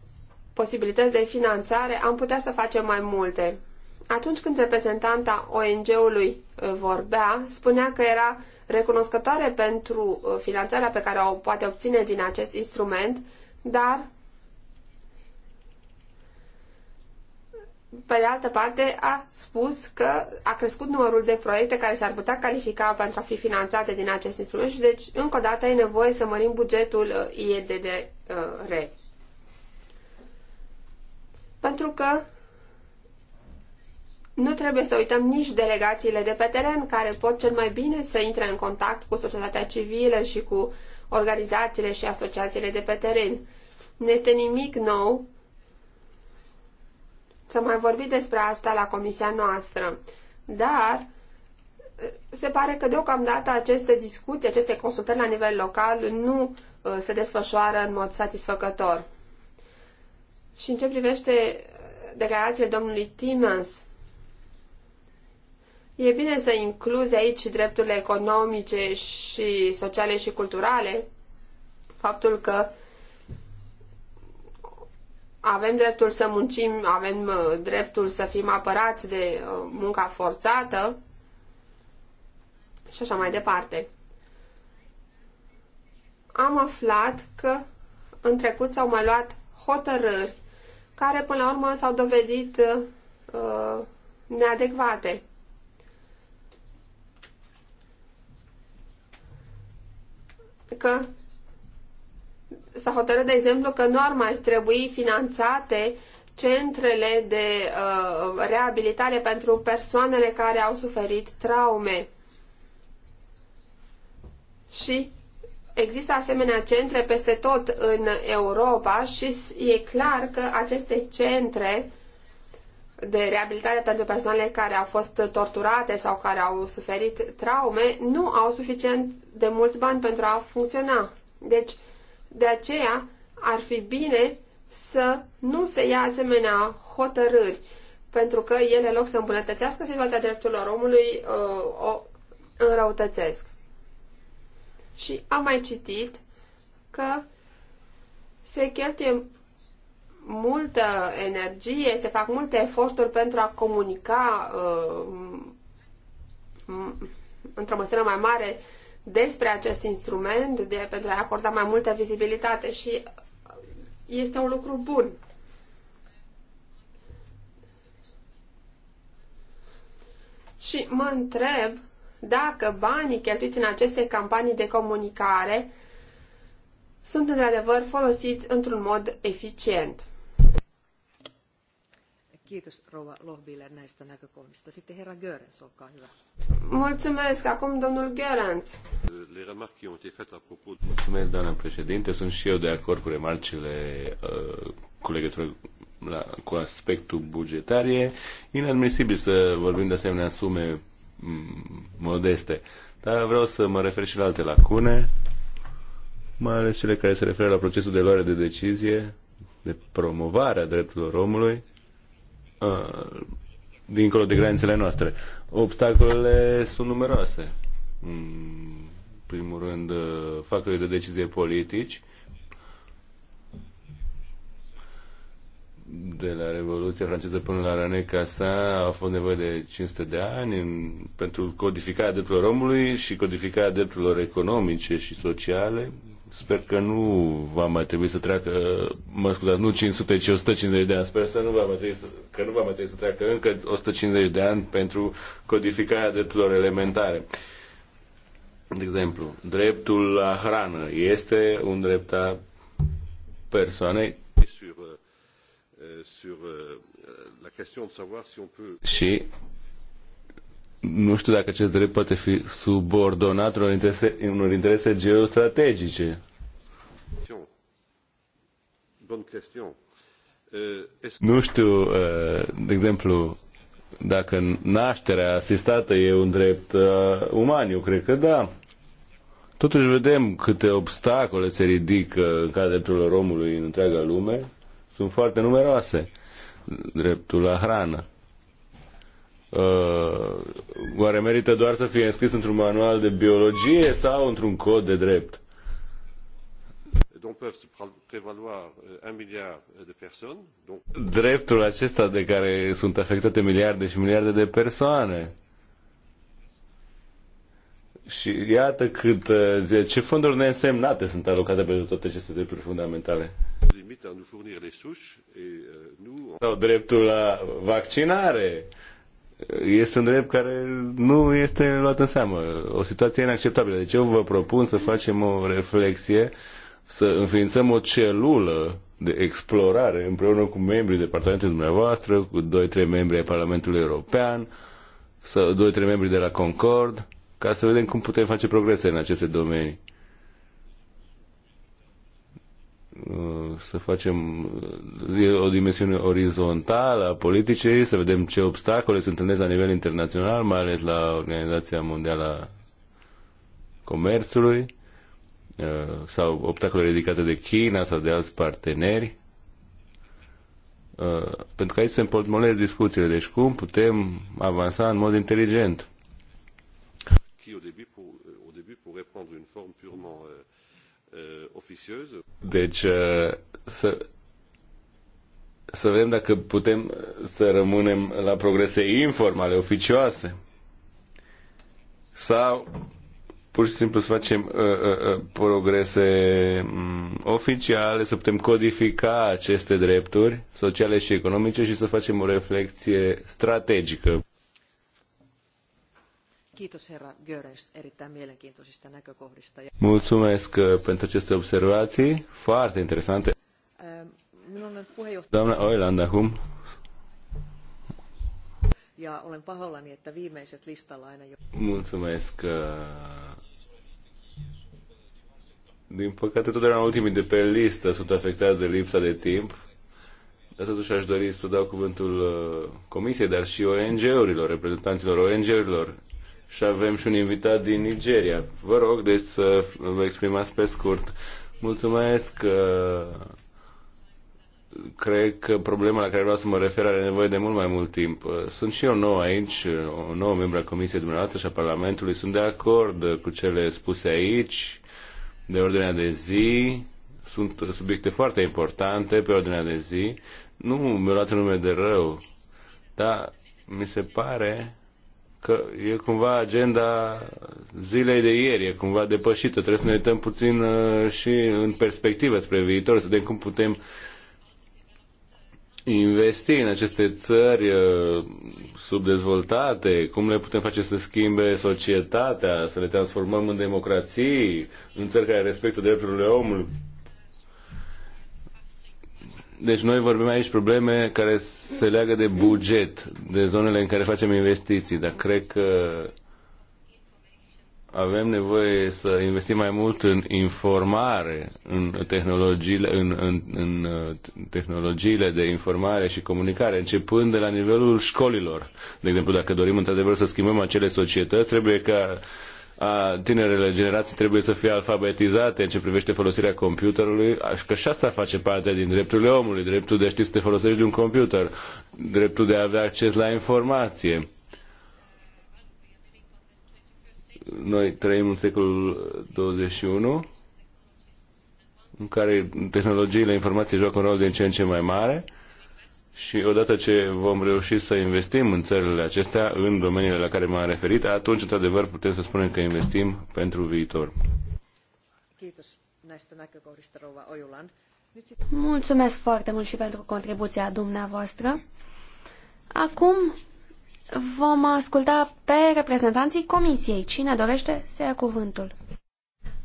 posibilități de finanțare, am putea să facem mai multe. Atunci când reprezentanta ONG-ului uh, vorbea, spunea că era recunoscătoare pentru finanțarea pe care o poate obține din acest instrument, dar pe de altă parte, a spus că a crescut numărul de proiecte care s-ar putea califica pentru a fi finanțate din acest instrument și deci, încă o dată, e nevoie să mărim bugetul uh, IEDDR. Uh, pentru că nu trebuie să uităm nici delegațiile de pe teren care pot cel mai bine să intre în contact cu societatea civilă și cu organizațiile și asociațiile de pe teren. Nu este nimic nou să mai vorbi despre asta la comisia noastră, dar se pare că deocamdată aceste discuții, aceste consultări la nivel local nu uh, se desfășoară în mod satisfăcător. Și în ce privește declarațiile domnului Timmons, e bine să incluzi aici și drepturile economice și sociale și culturale, faptul că uh, avem dreptul să muncim, avem uh, dreptul să fim apărați de uh, munca forțată și așa mai departe. Am aflat că în trecut s-au mai luat hotărâri care până la urmă s-au dovedit uh, uh neadecvate. Că s-a hotărât, de exemplu, că nu ar mai trebui finanțate centrele de uh, reabilitare pentru persoanele care au suferit traume. Și există asemenea centre peste tot în Europa și e clar că aceste centre de reabilitare pentru persoanele care au fost torturate sau care au suferit traume nu au suficient de mulți bani pentru a funcționa. Deci, de aceea ar fi bine să nu se ia asemenea hotărâri, pentru că ele, în loc să îmbunătățească situația drepturilor omului, uh, o înrăutățesc. Și am mai citit că se cheltuie multă energie, se fac multe eforturi pentru a comunica uh, într-o măsură mai mare despre acest instrument de, pentru a acorda mai multă vizibilitate și este un lucru bun. Și mă întreb dacă banii cheltuiți în aceste campanii de comunicare sunt într-adevăr folosiți într-un mod eficient. Kiitos rouva Lohbiller näistä näkökulmista. Sitten herra Görens, olkaa hyvä. Mulțumesc. Acum domnul Görens. Le remarque qui ont été faites à Mulțumesc, doamnă președinte. Sunt și eu de acord cu remarcile uh, cu la, cu aspectul bugetar. inadmisibil să vorbim de asemenea sume mm, modeste. Dar vreau să mă refer și la alte lacune, mai ales cele care se referă la procesul de luare de decizie, de promovare a drepturilor omului dincolo de granițele noastre. Obstacolele sunt numeroase. În primul rând, factorii de decizie politici, de la Revoluția franceză până la Raneca Casa a fost nevoie de 500 de ani în, pentru codificarea drepturilor omului și codificarea drepturilor economice și sociale Sper că nu va mai trebui să treacă, mă scuzați, nu 500, ci 150 de ani. Sper să nu va mai trebui să, că nu va mai trebui să treacă încă 150 de ani pentru codificarea drepturilor elementare. De exemplu, dreptul la hrană este un drept a persoanei euh, euh, și nu știu dacă acest drept poate fi subordonat unor interese, unor interese geostrategice. Uh, nu știu, uh, de exemplu, dacă nașterea asistată e un drept uh, uman, eu cred că da. Totuși vedem câte obstacole se ridică în cadrul drepturilor omului în întreaga lume. Sunt foarte numeroase. Dreptul la hrană, Uh, oare merită doar să fie înscris într-un manual de biologie sau într-un cod de drept? Euh, dreptul acesta de care sunt afectate miliarde și miliarde de persoane. Și iată cât, uh, ce fonduri neînsemnate sunt alocate pentru toate aceste drepturi fundamentale. Euh, sau dreptul la vaccinare este un drept care nu este luat în seamă. O situație inacceptabilă. Deci eu vă propun să facem o reflexie, să înființăm o celulă de explorare împreună cu membrii departamentului dumneavoastră, cu 2-3 membri ai Parlamentului European, sau 2-3 membri de la Concord, ca să vedem cum putem face progrese în aceste domenii. Uh, să facem uh, o dimensiune orizontală a politicii, să vedem ce obstacole se întâlnesc la nivel internațional, mai ales la Organizația Mondială a Comerțului uh, sau obstacole ridicate de China sau de alți parteneri. Pentru că aici se împotmolez discuțiile, deci cum putem avansa în mod inteligent. Qui au début, pour, au début une forme purement euh, Uh, deci, uh, să, să vedem dacă putem să rămânem la progrese informale, oficioase. Sau pur și simplu să facem uh, uh, uh, progrese um, oficiale, să putem codifica aceste drepturi sociale și economice și să facem o reflexie strategică. Mulțumesc uh, pentru aceste observații, foarte interesante. Ehm, Doamna Oiland acum. Ja olen pahoillani, että viimeiset listalla aina jo... Mulțumesc. Uh, din păcate, totdeauna ultimii de pe listă sunt afectați de lipsa de timp. Dar totuși aș dori să dau cuvântul uh, comisiei, dar și ONG-urilor, reprezentanților ONG-urilor și avem și un invitat din Nigeria. Vă rog, deci să vă exprimați pe scurt. Mulțumesc uh, cred că problema la care vreau să mă refer are nevoie de mult mai mult timp. Uh, sunt și eu nou aici, o nouă membru a Comisiei dumneavoastră și a Parlamentului. Sunt de acord cu cele spuse aici, de ordinea de zi. Sunt subiecte foarte importante pe ordinea de zi. Nu mi au luat nume de rău, dar mi se pare că e cumva agenda zilei de ieri, e cumva depășită. Trebuie să ne uităm puțin uh, și în perspectivă spre viitor, să vedem cum putem investi în aceste țări uh, subdezvoltate, cum le putem face să schimbe societatea, să le transformăm în democrații, în țări care respectă drepturile omului deci noi vorbim aici probleme care se leagă de buget, de zonele în care facem investiții, dar cred că avem nevoie să investim mai mult în informare, în tehnologiile, în, în, în tehnologiile de informare și comunicare, începând de la nivelul școlilor. De exemplu, dacă dorim într-adevăr să schimbăm acele societăți, trebuie ca a, tinerele generații trebuie să fie alfabetizate în ce privește folosirea computerului, că și asta face parte din drepturile omului, dreptul de a ști să te folosești de un computer, dreptul de a avea acces la informație. Noi trăim în secolul 21 în care tehnologiile informației joacă un rol din ce în ce mai mare și odată ce vom reuși să investim în țările acestea, în domeniile la care m-am referit, atunci, într-adevăr, putem să spunem că investim pentru viitor. Mulțumesc foarte mult și pentru contribuția dumneavoastră. Acum vom asculta pe reprezentanții Comisiei. Cine dorește să ia cuvântul?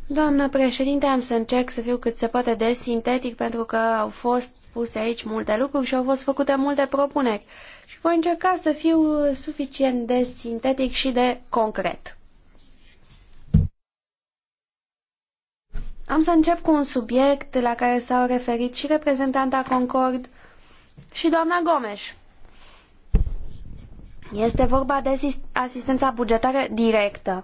Doamna președinte, am să încerc să fiu cât se poate de sintetic pentru că au fost spuse aici multe lucruri și au fost făcute multe propuneri. Și voi încerca să fiu suficient de sintetic și de concret. Am să încep cu un subiect la care s-au referit și reprezentanta Concord și doamna Gomes. Este vorba de asistența bugetară directă.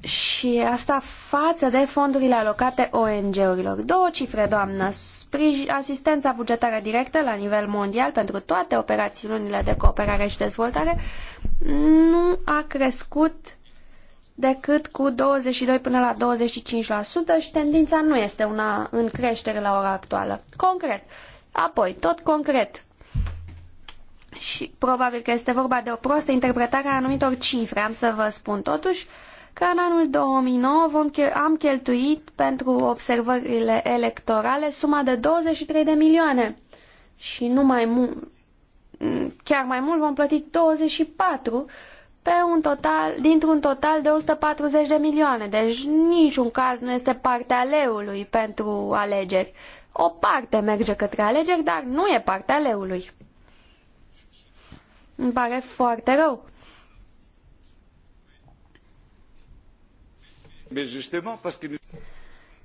Și asta față de fondurile alocate ONG-urilor. Două cifre, doamnă. Sprij asistența bugetară directă la nivel mondial pentru toate operațiunile de cooperare și dezvoltare nu a crescut decât cu 22 până la 25% și tendința nu este una în creștere la ora actuală. Concret. Apoi, tot concret, și probabil că este vorba de o proastă interpretare a anumitor cifre, am să vă spun totuși, uh, că în anul 2009 am cheltuit pentru observările electorale suma de 23 de milioane și nu mai mult, chiar mai mult vom plăti 24 pe un total, dintr-un total de 140 de milioane. Deci niciun caz nu este partea leului pentru alegeri. O parte merge către alegeri, dar nu e partea leului. Îmi pare foarte rău.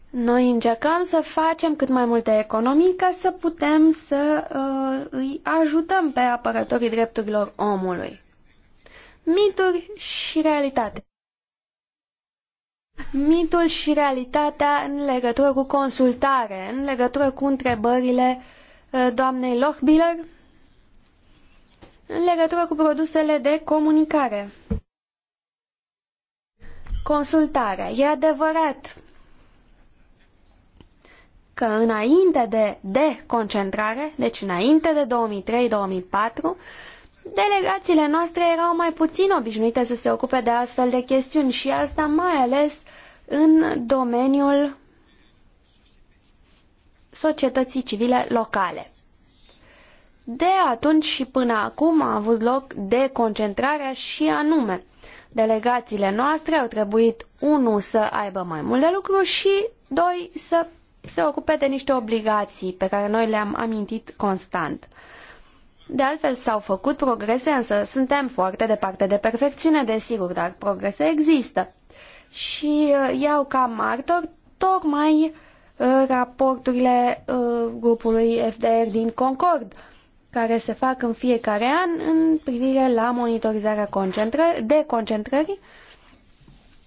Noi încercăm să facem cât mai multe economii ca să putem să uh, îi ajutăm pe apărătorii drepturilor omului. Mituri și realitate. Mitul și realitatea în legătură cu consultare, în legătură cu întrebările uh, doamnei Lochbiller, în legătură cu produsele de comunicare. Consultarea. E adevărat că înainte de deconcentrare, deci înainte de 2003-2004, delegațiile noastre erau mai puțin obișnuite să se ocupe de astfel de chestiuni și asta mai ales în domeniul societății civile locale. De atunci și până acum a avut loc deconcentrarea și anume Delegațiile noastre au trebuit, unu, să aibă mai mult de lucru și, doi, să se ocupe de niște obligații pe care noi le-am amintit constant. De altfel, s-au făcut progrese, însă suntem foarte departe de perfecțiune, desigur, dar progrese există. Și uh, iau ca martor tocmai uh, raporturile uh, grupului FDR din Concord, care se fac în fiecare an în privire la monitorizarea concentră de concentrări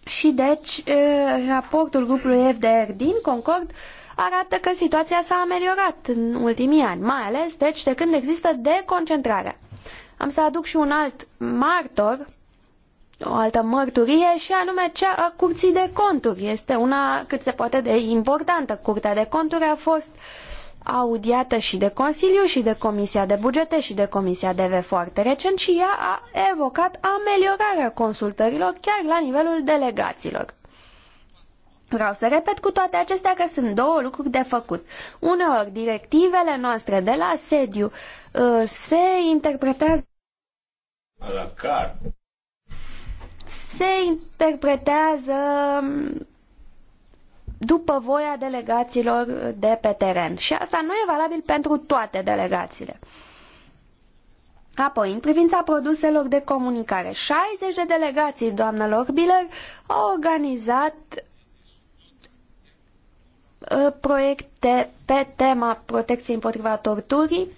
și deci raportul grupului FDR din Concord arată că situația s-a ameliorat în ultimii ani, mai ales deci de când există deconcentrarea. Am să aduc și un alt martor, o altă mărturie și anume cea a curții de conturi. Este una cât se poate de importantă. Curtea de conturi a fost uh, audiată și de Consiliu și de Comisia de Bugete și de Comisia DV foarte recent și ea a evocat ameliorarea consultărilor chiar la nivelul delegaților. Vreau să repet cu toate acestea că sunt două lucruri de făcut. Uneori, directivele noastre de la sediu uh, se interpretează se interpretează um, după voia delegaților de pe teren. Și asta nu e valabil pentru toate delegațiile. Apoi, în privința produselor de comunicare, 60 de delegații, doamnelor Lorbiller, au organizat uh, proiecte pe tema protecției împotriva torturii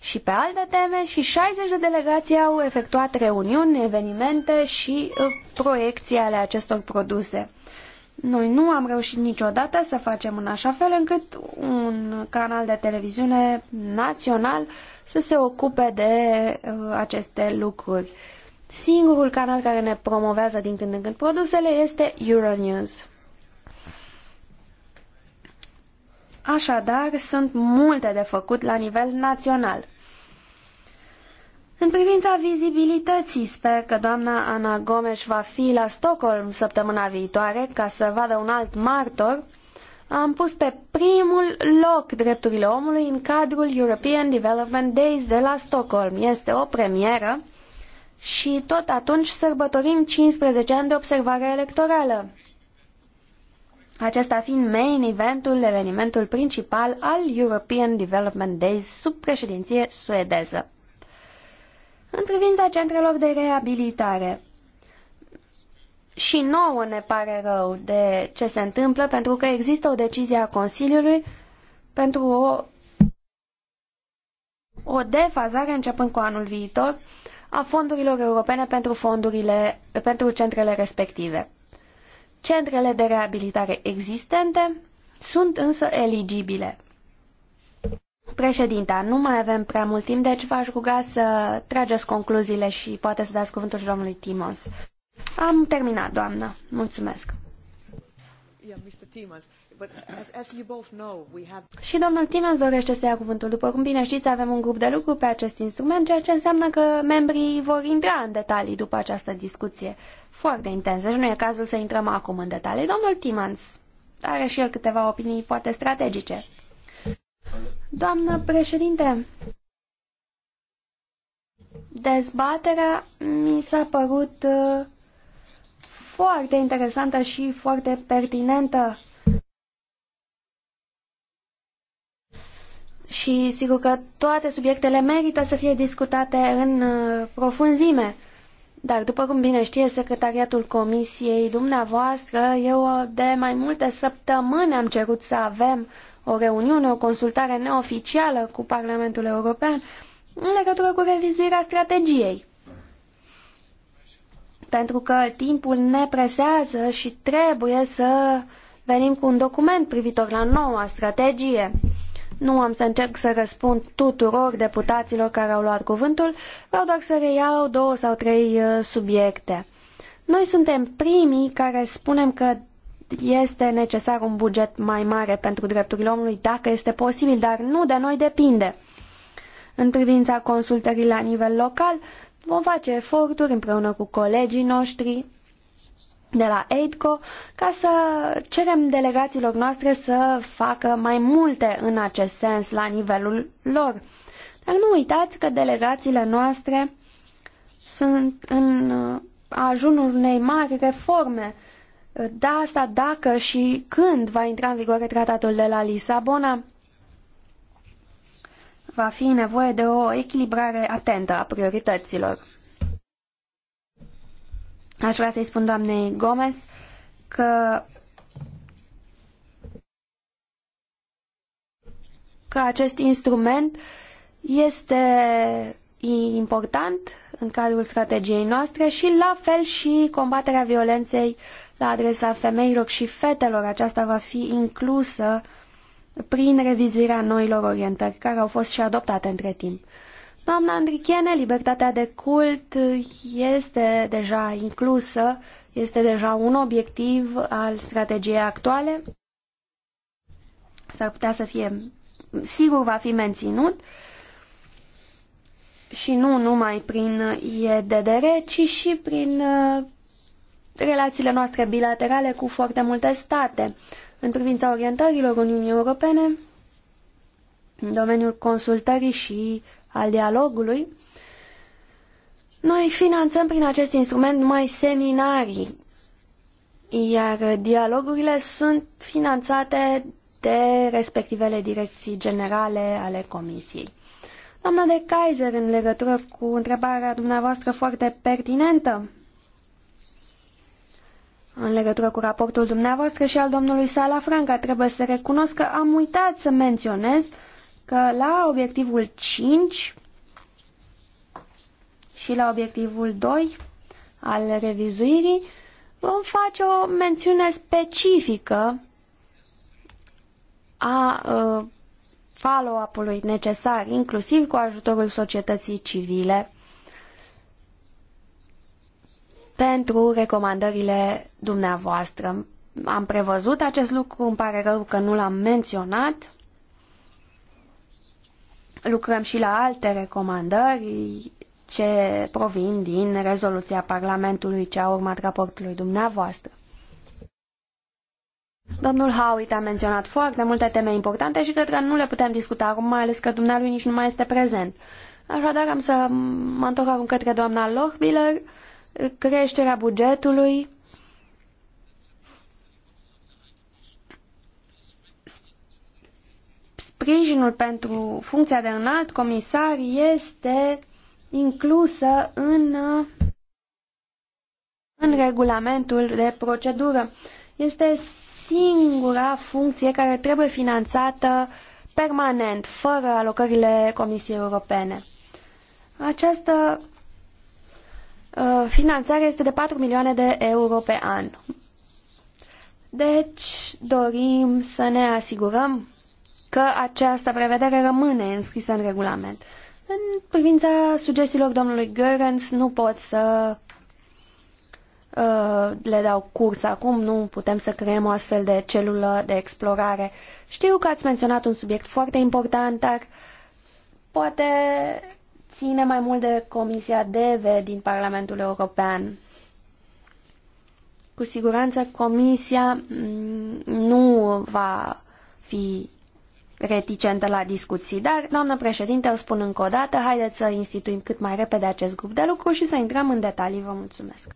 și pe alte teme și 60 de delegații au efectuat reuniuni, evenimente și uh, proiecții ale acestor produse. Noi nu am reușit niciodată să facem în așa fel încât un canal de televiziune național să se ocupe de uh, aceste lucruri. Singurul canal care ne promovează din când în când produsele este Euronews. Așadar, sunt multe de făcut la nivel național. În privința vizibilității, sper că doamna Ana Gomes va fi la Stockholm săptămâna viitoare ca să vadă un alt martor. Am pus pe primul loc drepturile omului în cadrul European Development Days de la Stockholm. Este o premieră și tot atunci sărbătorim 15 ani de observare electorală. Acesta fiind main eventul, evenimentul principal al European Development Days sub președinție suedeză. În privința centrelor de reabilitare, și nouă ne pare rău de ce se întâmplă, pentru că există o decizie a Consiliului pentru o, o defazare începând cu anul viitor a fondurilor europene pentru, fondurile, pentru centrele respective. Centrele de reabilitare existente sunt însă eligibile. Președinta, nu mai avem prea mult timp, deci v-aș ruga să trageți concluziile și poate să dați cuvântul și domnului Timons. Am terminat, doamnă. Mulțumesc. Yeah, as, as have... Și domnul Timens dorește să ia cuvântul. După cum bine știți, avem un grup de lucru pe acest instrument, ceea ce înseamnă că membrii vor intra în detalii după această discuție foarte intensă și nu e cazul să intrăm acum în detalii. Domnul Timens are și el câteva opinii, poate strategice. Doamnă președinte, dezbaterea mi s-a părut uh, foarte interesantă și foarte pertinentă. Și sigur că toate subiectele merită să fie discutate în uh, profunzime. Dar după cum bine știe secretariatul comisiei dumneavoastră, eu de mai multe săptămâni am cerut să avem o reuniune, o consultare neoficială cu Parlamentul European în legătură cu revizuirea strategiei. Pentru că timpul ne presează și trebuie să venim cu un document privitor la noua strategie. Nu am să încerc să răspund tuturor deputaților care au luat cuvântul, vreau doar să reiau două sau trei uh, subiecte. Noi suntem primii care spunem că este necesar un buget mai mare pentru drepturile omului, dacă este posibil, dar nu de noi depinde. În privința consultării la nivel local, vom face eforturi împreună cu colegii noștri de la AIDCO ca să cerem delegațiilor noastre să facă mai multe în acest sens la nivelul lor. Dar nu uitați că delegațiile noastre sunt în uh, ajunul unei mari reforme da, asta dacă și când va intra în vigoare tratatul de la Lisabona, va fi nevoie de o echilibrare atentă a priorităților. Aș vrea să-i spun doamnei Gomez că că acest instrument este important în cadrul strategiei noastre și la fel și combaterea violenței la adresa femeilor și fetelor. Aceasta va fi inclusă prin revizuirea noilor orientări care au fost și adoptate între timp. Doamna Andrichene, libertatea de cult este deja inclusă, este deja un obiectiv al strategiei actuale. S-ar putea să fie, sigur va fi menținut și nu numai prin IEDDR, ci și prin uh, relațiile noastre bilaterale cu foarte multe state. În privința orientărilor Uniunii Europene, în domeniul consultării și al dialogului, noi finanțăm prin acest instrument numai seminarii, iar dialogurile sunt finanțate de respectivele direcții generale ale Comisiei. Doamna de Kaiser, în legătură cu întrebarea dumneavoastră foarte pertinentă, în legătură cu raportul dumneavoastră și al domnului Salafranca. Trebuie să recunosc că am uitat să menționez că la obiectivul 5 și la obiectivul 2 al revizuirii vom face o mențiune specifică a ă, follow-up-ului necesar, inclusiv cu ajutorul societății civile pentru recomandările dumneavoastră. Am prevăzut acest lucru, îmi pare rău că nu l-am menționat. Lucrăm și la alte recomandări ce provin din rezoluția Parlamentului ce a urmat raportului dumneavoastră. Domnul Howitt a menționat foarte multe teme importante și cred că nu le putem discuta acum, mai ales că dumnealui nici nu mai este prezent. Așadar am să mă întorc acum către doamna Lochbiller creșterea bugetului. Sprijinul pentru funcția de înalt comisar este inclusă în, în regulamentul de procedură. Este singura funcție care trebuie finanțată permanent, fără alocările Comisiei Europene. Această Uh, finanțarea este de 4 milioane de euro pe an. Deci dorim să ne asigurăm că această prevedere rămâne înscrisă în regulament. În privința sugestiilor domnului Görens nu pot să uh, le dau curs acum, nu putem să creăm o astfel de celulă de explorare. Știu că ați menționat un subiect foarte important, dar poate ține mai mult de Comisia DEVE din Parlamentul European. Cu siguranță Comisia mm, nu va fi reticentă la discuții, dar, doamnă președinte, o spun încă o dată, haideți să instituim cât mai repede acest grup de lucru și să intrăm în detalii. Vă mulțumesc!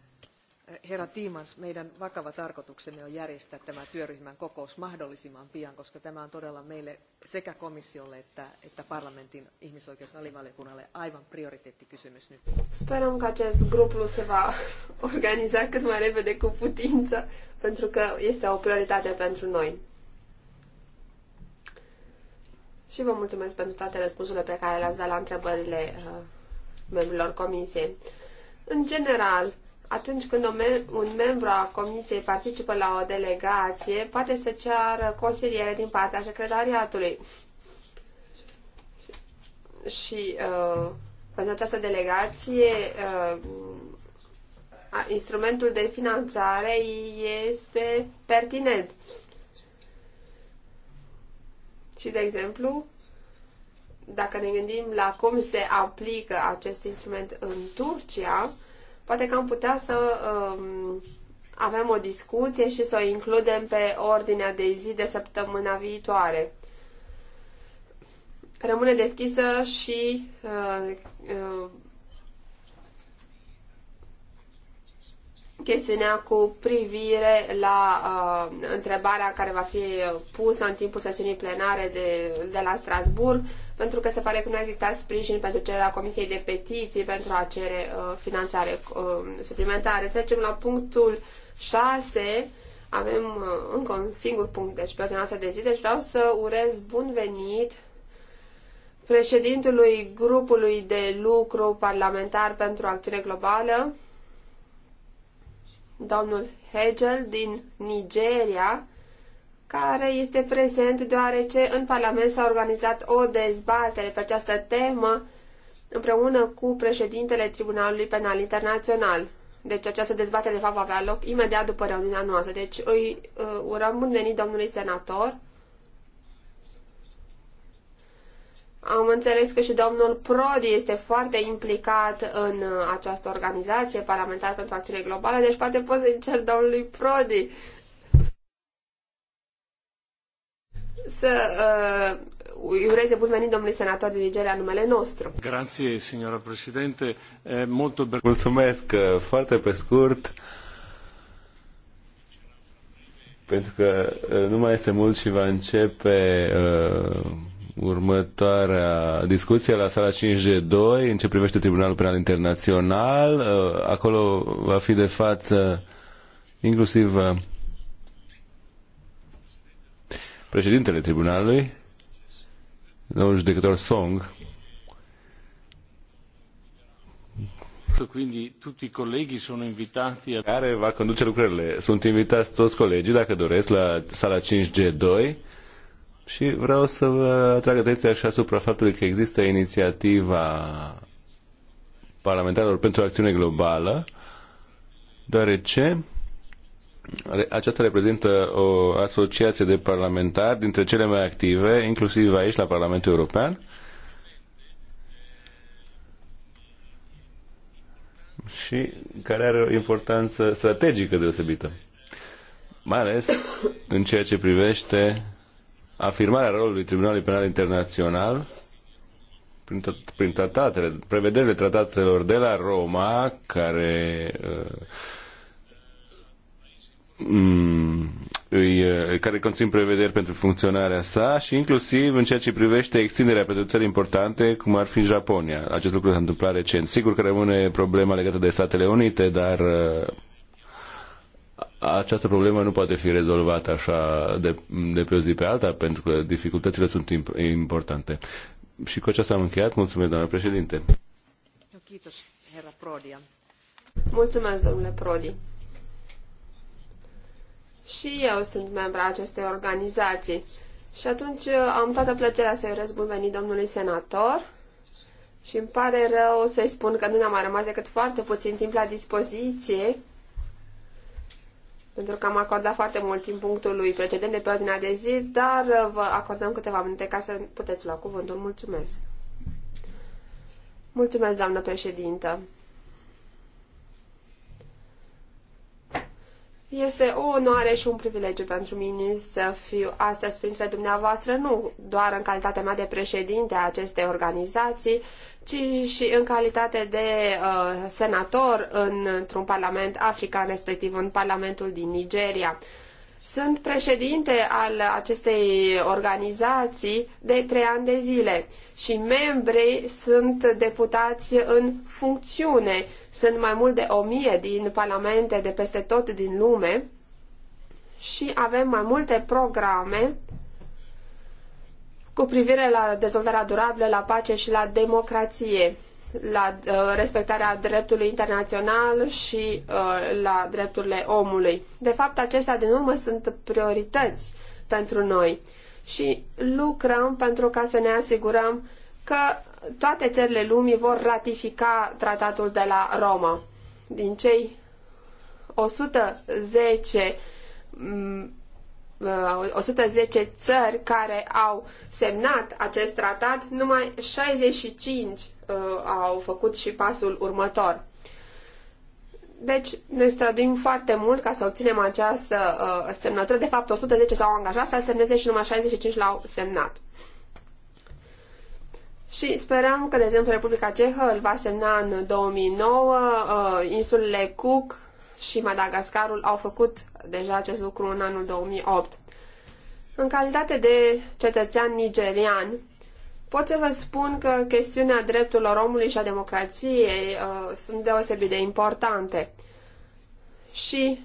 herra Tiimans, meidän vakava tarkoituksemme on järjestää tämä työryhmän kokous mahdollisimman pian, koska tämä on todella meille sekä komissiolle että, että parlamentin ihmisoikeusalivaliokunnalle aivan prioriteettikysymys nyt. Sperăm că acest grupul se va organiza cât mai repede cu putință, pentru că este o prioritate pentru noi. Și vă mulțumesc pentru toate răspunsurile pe care le-ați dat la întrebările uh, membrilor comisiei. În general, atunci când un membru a comisiei participă la o delegație, poate să ceară consiliere din partea secretariatului. Și uh, pentru această delegație, uh, instrumentul de finanțare este pertinent. Și, de exemplu, dacă ne gândim la cum se aplică acest instrument în Turcia, Poate că am putea să um, avem o discuție și să o includem pe ordinea de zi de săptămâna viitoare. Rămâne deschisă și uh, uh, chestiunea cu privire la uh, întrebarea care va fi pusă în timpul sesiunii plenare de, de la Strasburg pentru că se pare că nu a existat sprijin pentru cererea Comisiei de Petiții pentru a cere uh, finanțare uh, suplimentare. Trecem la punctul 6. Avem uh, încă un singur punct, deci pe ordinea de zi, deci vreau să urez bun venit președintelui grupului de lucru parlamentar pentru acțiune globală, domnul Hegel din Nigeria, care este prezent deoarece în Parlament s-a organizat o dezbatere pe această temă împreună cu președintele Tribunalului Penal Internațional. Deci această dezbatere, de fapt, va avea loc imediat după reuniunea noastră. Deci îi uh, urăm bun venit domnului senator. Am înțeles că și domnul Prodi este foarte implicat în uh, această organizație parlamentară pentru acțiune globală, deci poate poți să-i cer domnului Prodi să uh, îi ureze bun venit domnului senator din Nigeria numele nostru. Grazie, signora președinte. Molto be- Mulțumesc. Uh, foarte pe scurt, pentru că uh, nu mai este mult și va începe uh, următoarea discuție la sala 5G2 în ce privește Tribunalul Penal Internațional. Uh, acolo va fi de față inclusiv uh, Președintele tribunalului, domnul judecător Song, quindi tutti i colleghi sono invitati a... care va conduce lucrările. Sunt invitați toți colegii, dacă doresc, la sala 5G2 și vreau să vă atrag atenția și asupra faptului că există inițiativa parlamentarilor pentru acțiune globală, deoarece aceasta reprezintă o asociație de parlamentari dintre cele mai active, inclusiv aici la Parlamentul European. și care are o importanță strategică deosebită, mai ales în ceea ce privește afirmarea rolului Tribunalului Penal Internațional prin, prin tratatele, prevederile tratatelor de la Roma, care uh, Mm, îi, eh, care conțin prevederi pentru funcționarea sa și inclusiv în ceea ce privește extinderea pentru țări importante, cum ar fi Japonia. Acest lucru s-a întâmplat recent. Sigur că rămâne problema legată de Statele Unite, dar eh, această problemă nu poate fi rezolvată așa de, de pe o zi pe alta, pentru că dificultățile sunt importante. Și cu aceasta am încheiat. Mulțumesc, doamna președinte. Mulțumesc, domnule Prodi. Și eu sunt membra acestei organizații. Și atunci uh, am toată plăcerea să-i urez bun venit domnului senator și îmi pare rău să-i spun că nu ne-a mai rămas decât foarte puțin timp la dispoziție pentru că am acordat foarte mult timp punctului precedent de pe ordinea de zi, dar uh, vă acordăm câteva minute ca să puteți lua cuvântul. Mulțumesc! Mulțumesc, doamnă președintă! Este o onoare și un privilegiu pentru mine să fiu astăzi printre dumneavoastră, nu doar în calitatea mea de președinte a acestei organizații, ci și în calitate de uh, senator în, într-un parlament african, respectiv în Parlamentul din Nigeria. Sunt președinte al acestei organizații de trei ani de zile și membrii sunt deputați în funcțiune. Sunt mai mult de o mie din parlamente de peste tot din lume și avem mai multe programe cu privire la dezvoltarea durabilă, la pace și la democrație la uh, respectarea dreptului internațional și uh, la drepturile omului. De fapt, acestea din urmă sunt priorități pentru noi și lucrăm pentru ca să ne asigurăm că toate țările lumii vor ratifica tratatul de la Roma. Din cei 110 110 mm, uh, țări care au semnat acest tratat, numai 65 Uh, au făcut și pasul următor. Deci ne străduim foarte mult ca să obținem această uh, semnătură. De fapt, 110 s-au angajat să-l semneze și numai 65 l-au semnat. Și sperăm că, de exemplu, Republica Cehă îl va semna în 2009, uh, insulele Cook și Madagascarul au făcut deja acest lucru în anul 2008. În calitate de cetățean nigerian, Pot să vă spun că chestiunea drepturilor omului și a democrației uh, sunt deosebit de importante și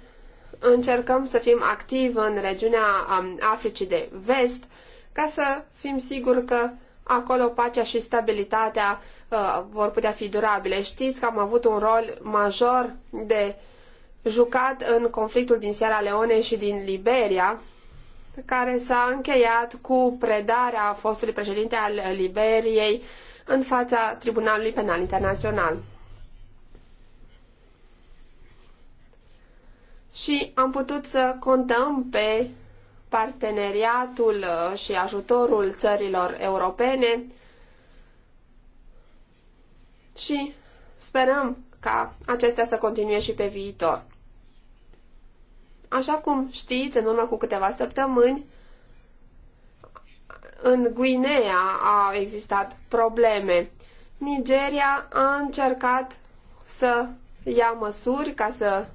încercăm să fim activi în regiunea um, Africii de vest ca să fim siguri că acolo pacea și stabilitatea uh, vor putea fi durabile. Știți că am avut un rol major de jucat în conflictul din Sierra Leone și din Liberia care s-a încheiat cu predarea fostului președinte al Liberiei în fața Tribunalului Penal Internațional. Și am putut să contăm pe parteneriatul uh, și ajutorul țărilor europene și sperăm ca acestea să continue și pe viitor. Așa cum știți, în urmă cu câteva săptămâni, în Guinea au existat probleme. Nigeria a încercat să ia măsuri ca să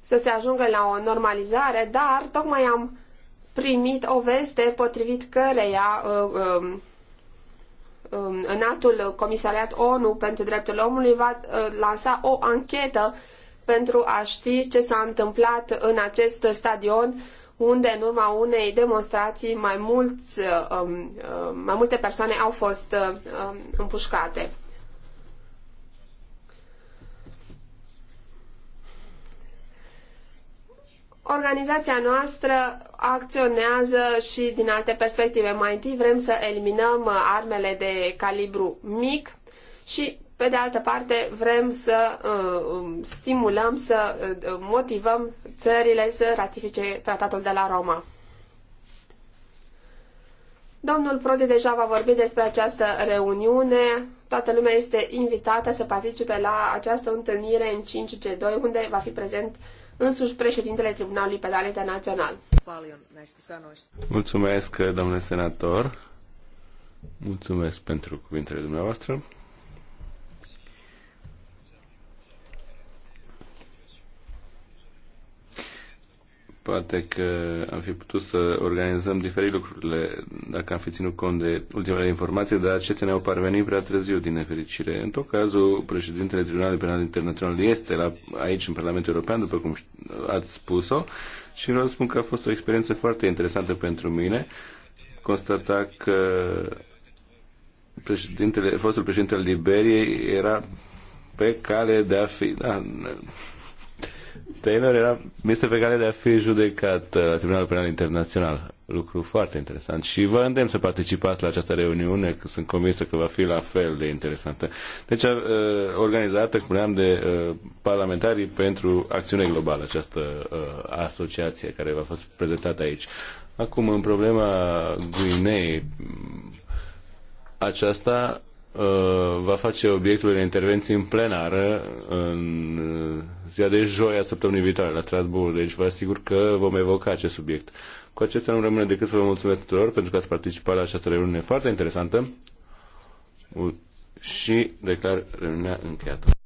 să se ajungă la o normalizare, dar tocmai am primit o veste potrivit căreia uh, uh, uh, înaltul comisariat ONU pentru dreptul omului va uh, lansa o anchetă pentru a ști ce s-a întâmplat în acest stadion unde în urma unei demonstrații mai, mulți, uh, um, uh, mai multe persoane au fost uh, um, împușcate. Organizația noastră acționează și din alte perspective. Mai întâi vrem să eliminăm armele de calibru mic și pe de altă parte, vrem să uh, stimulăm, să uh, motivăm țările să ratifice tratatul de la Roma. Domnul Prodi deja va vorbi despre această reuniune. Toată lumea este invitată să participe la această întâlnire în 5G2, unde va fi prezent însuși președintele Tribunalului Penal Internațional. Mulțumesc, domnule senator. Mulțumesc pentru cuvintele dumneavoastră. Poate că am fi putut să organizăm diferit lucrurile dacă am fi ținut cont de ultimele informații, dar acestea ne-au parvenit prea târziu, din nefericire. În tot cazul, președintele Tribunalului Penal Internațional este la, aici, în Parlamentul European, după cum ați spus-o, și vreau să spun că a fost o experiență foarte interesantă pentru mine. Constata că președintele, fostul președinte al Liberiei era pe cale de a fi... Da, Taylor era, este pe care de a fi judecat uh, la Tribunalul Penal Internațional. Lucru foarte interesant. Și vă îndemn să participați la această reuniune, că sunt convinsă că va fi la fel de interesantă. Deci, uh, organizată, spuneam, de uh, parlamentarii pentru acțiune globală, această asociație care va fost prezentată aici. Acum, în problema Guinei, aceasta Uh, va face obiectul de intervenții în plenară în uh, ziua de joi a săptămânii viitoare la Strasbourg, deci vă asigur că vom evoca acest subiect. Cu acestea nu rămâne decât să vă mulțumesc tuturor pentru că ați participat la această reuniune foarte interesantă și declar reuniunea încheiată.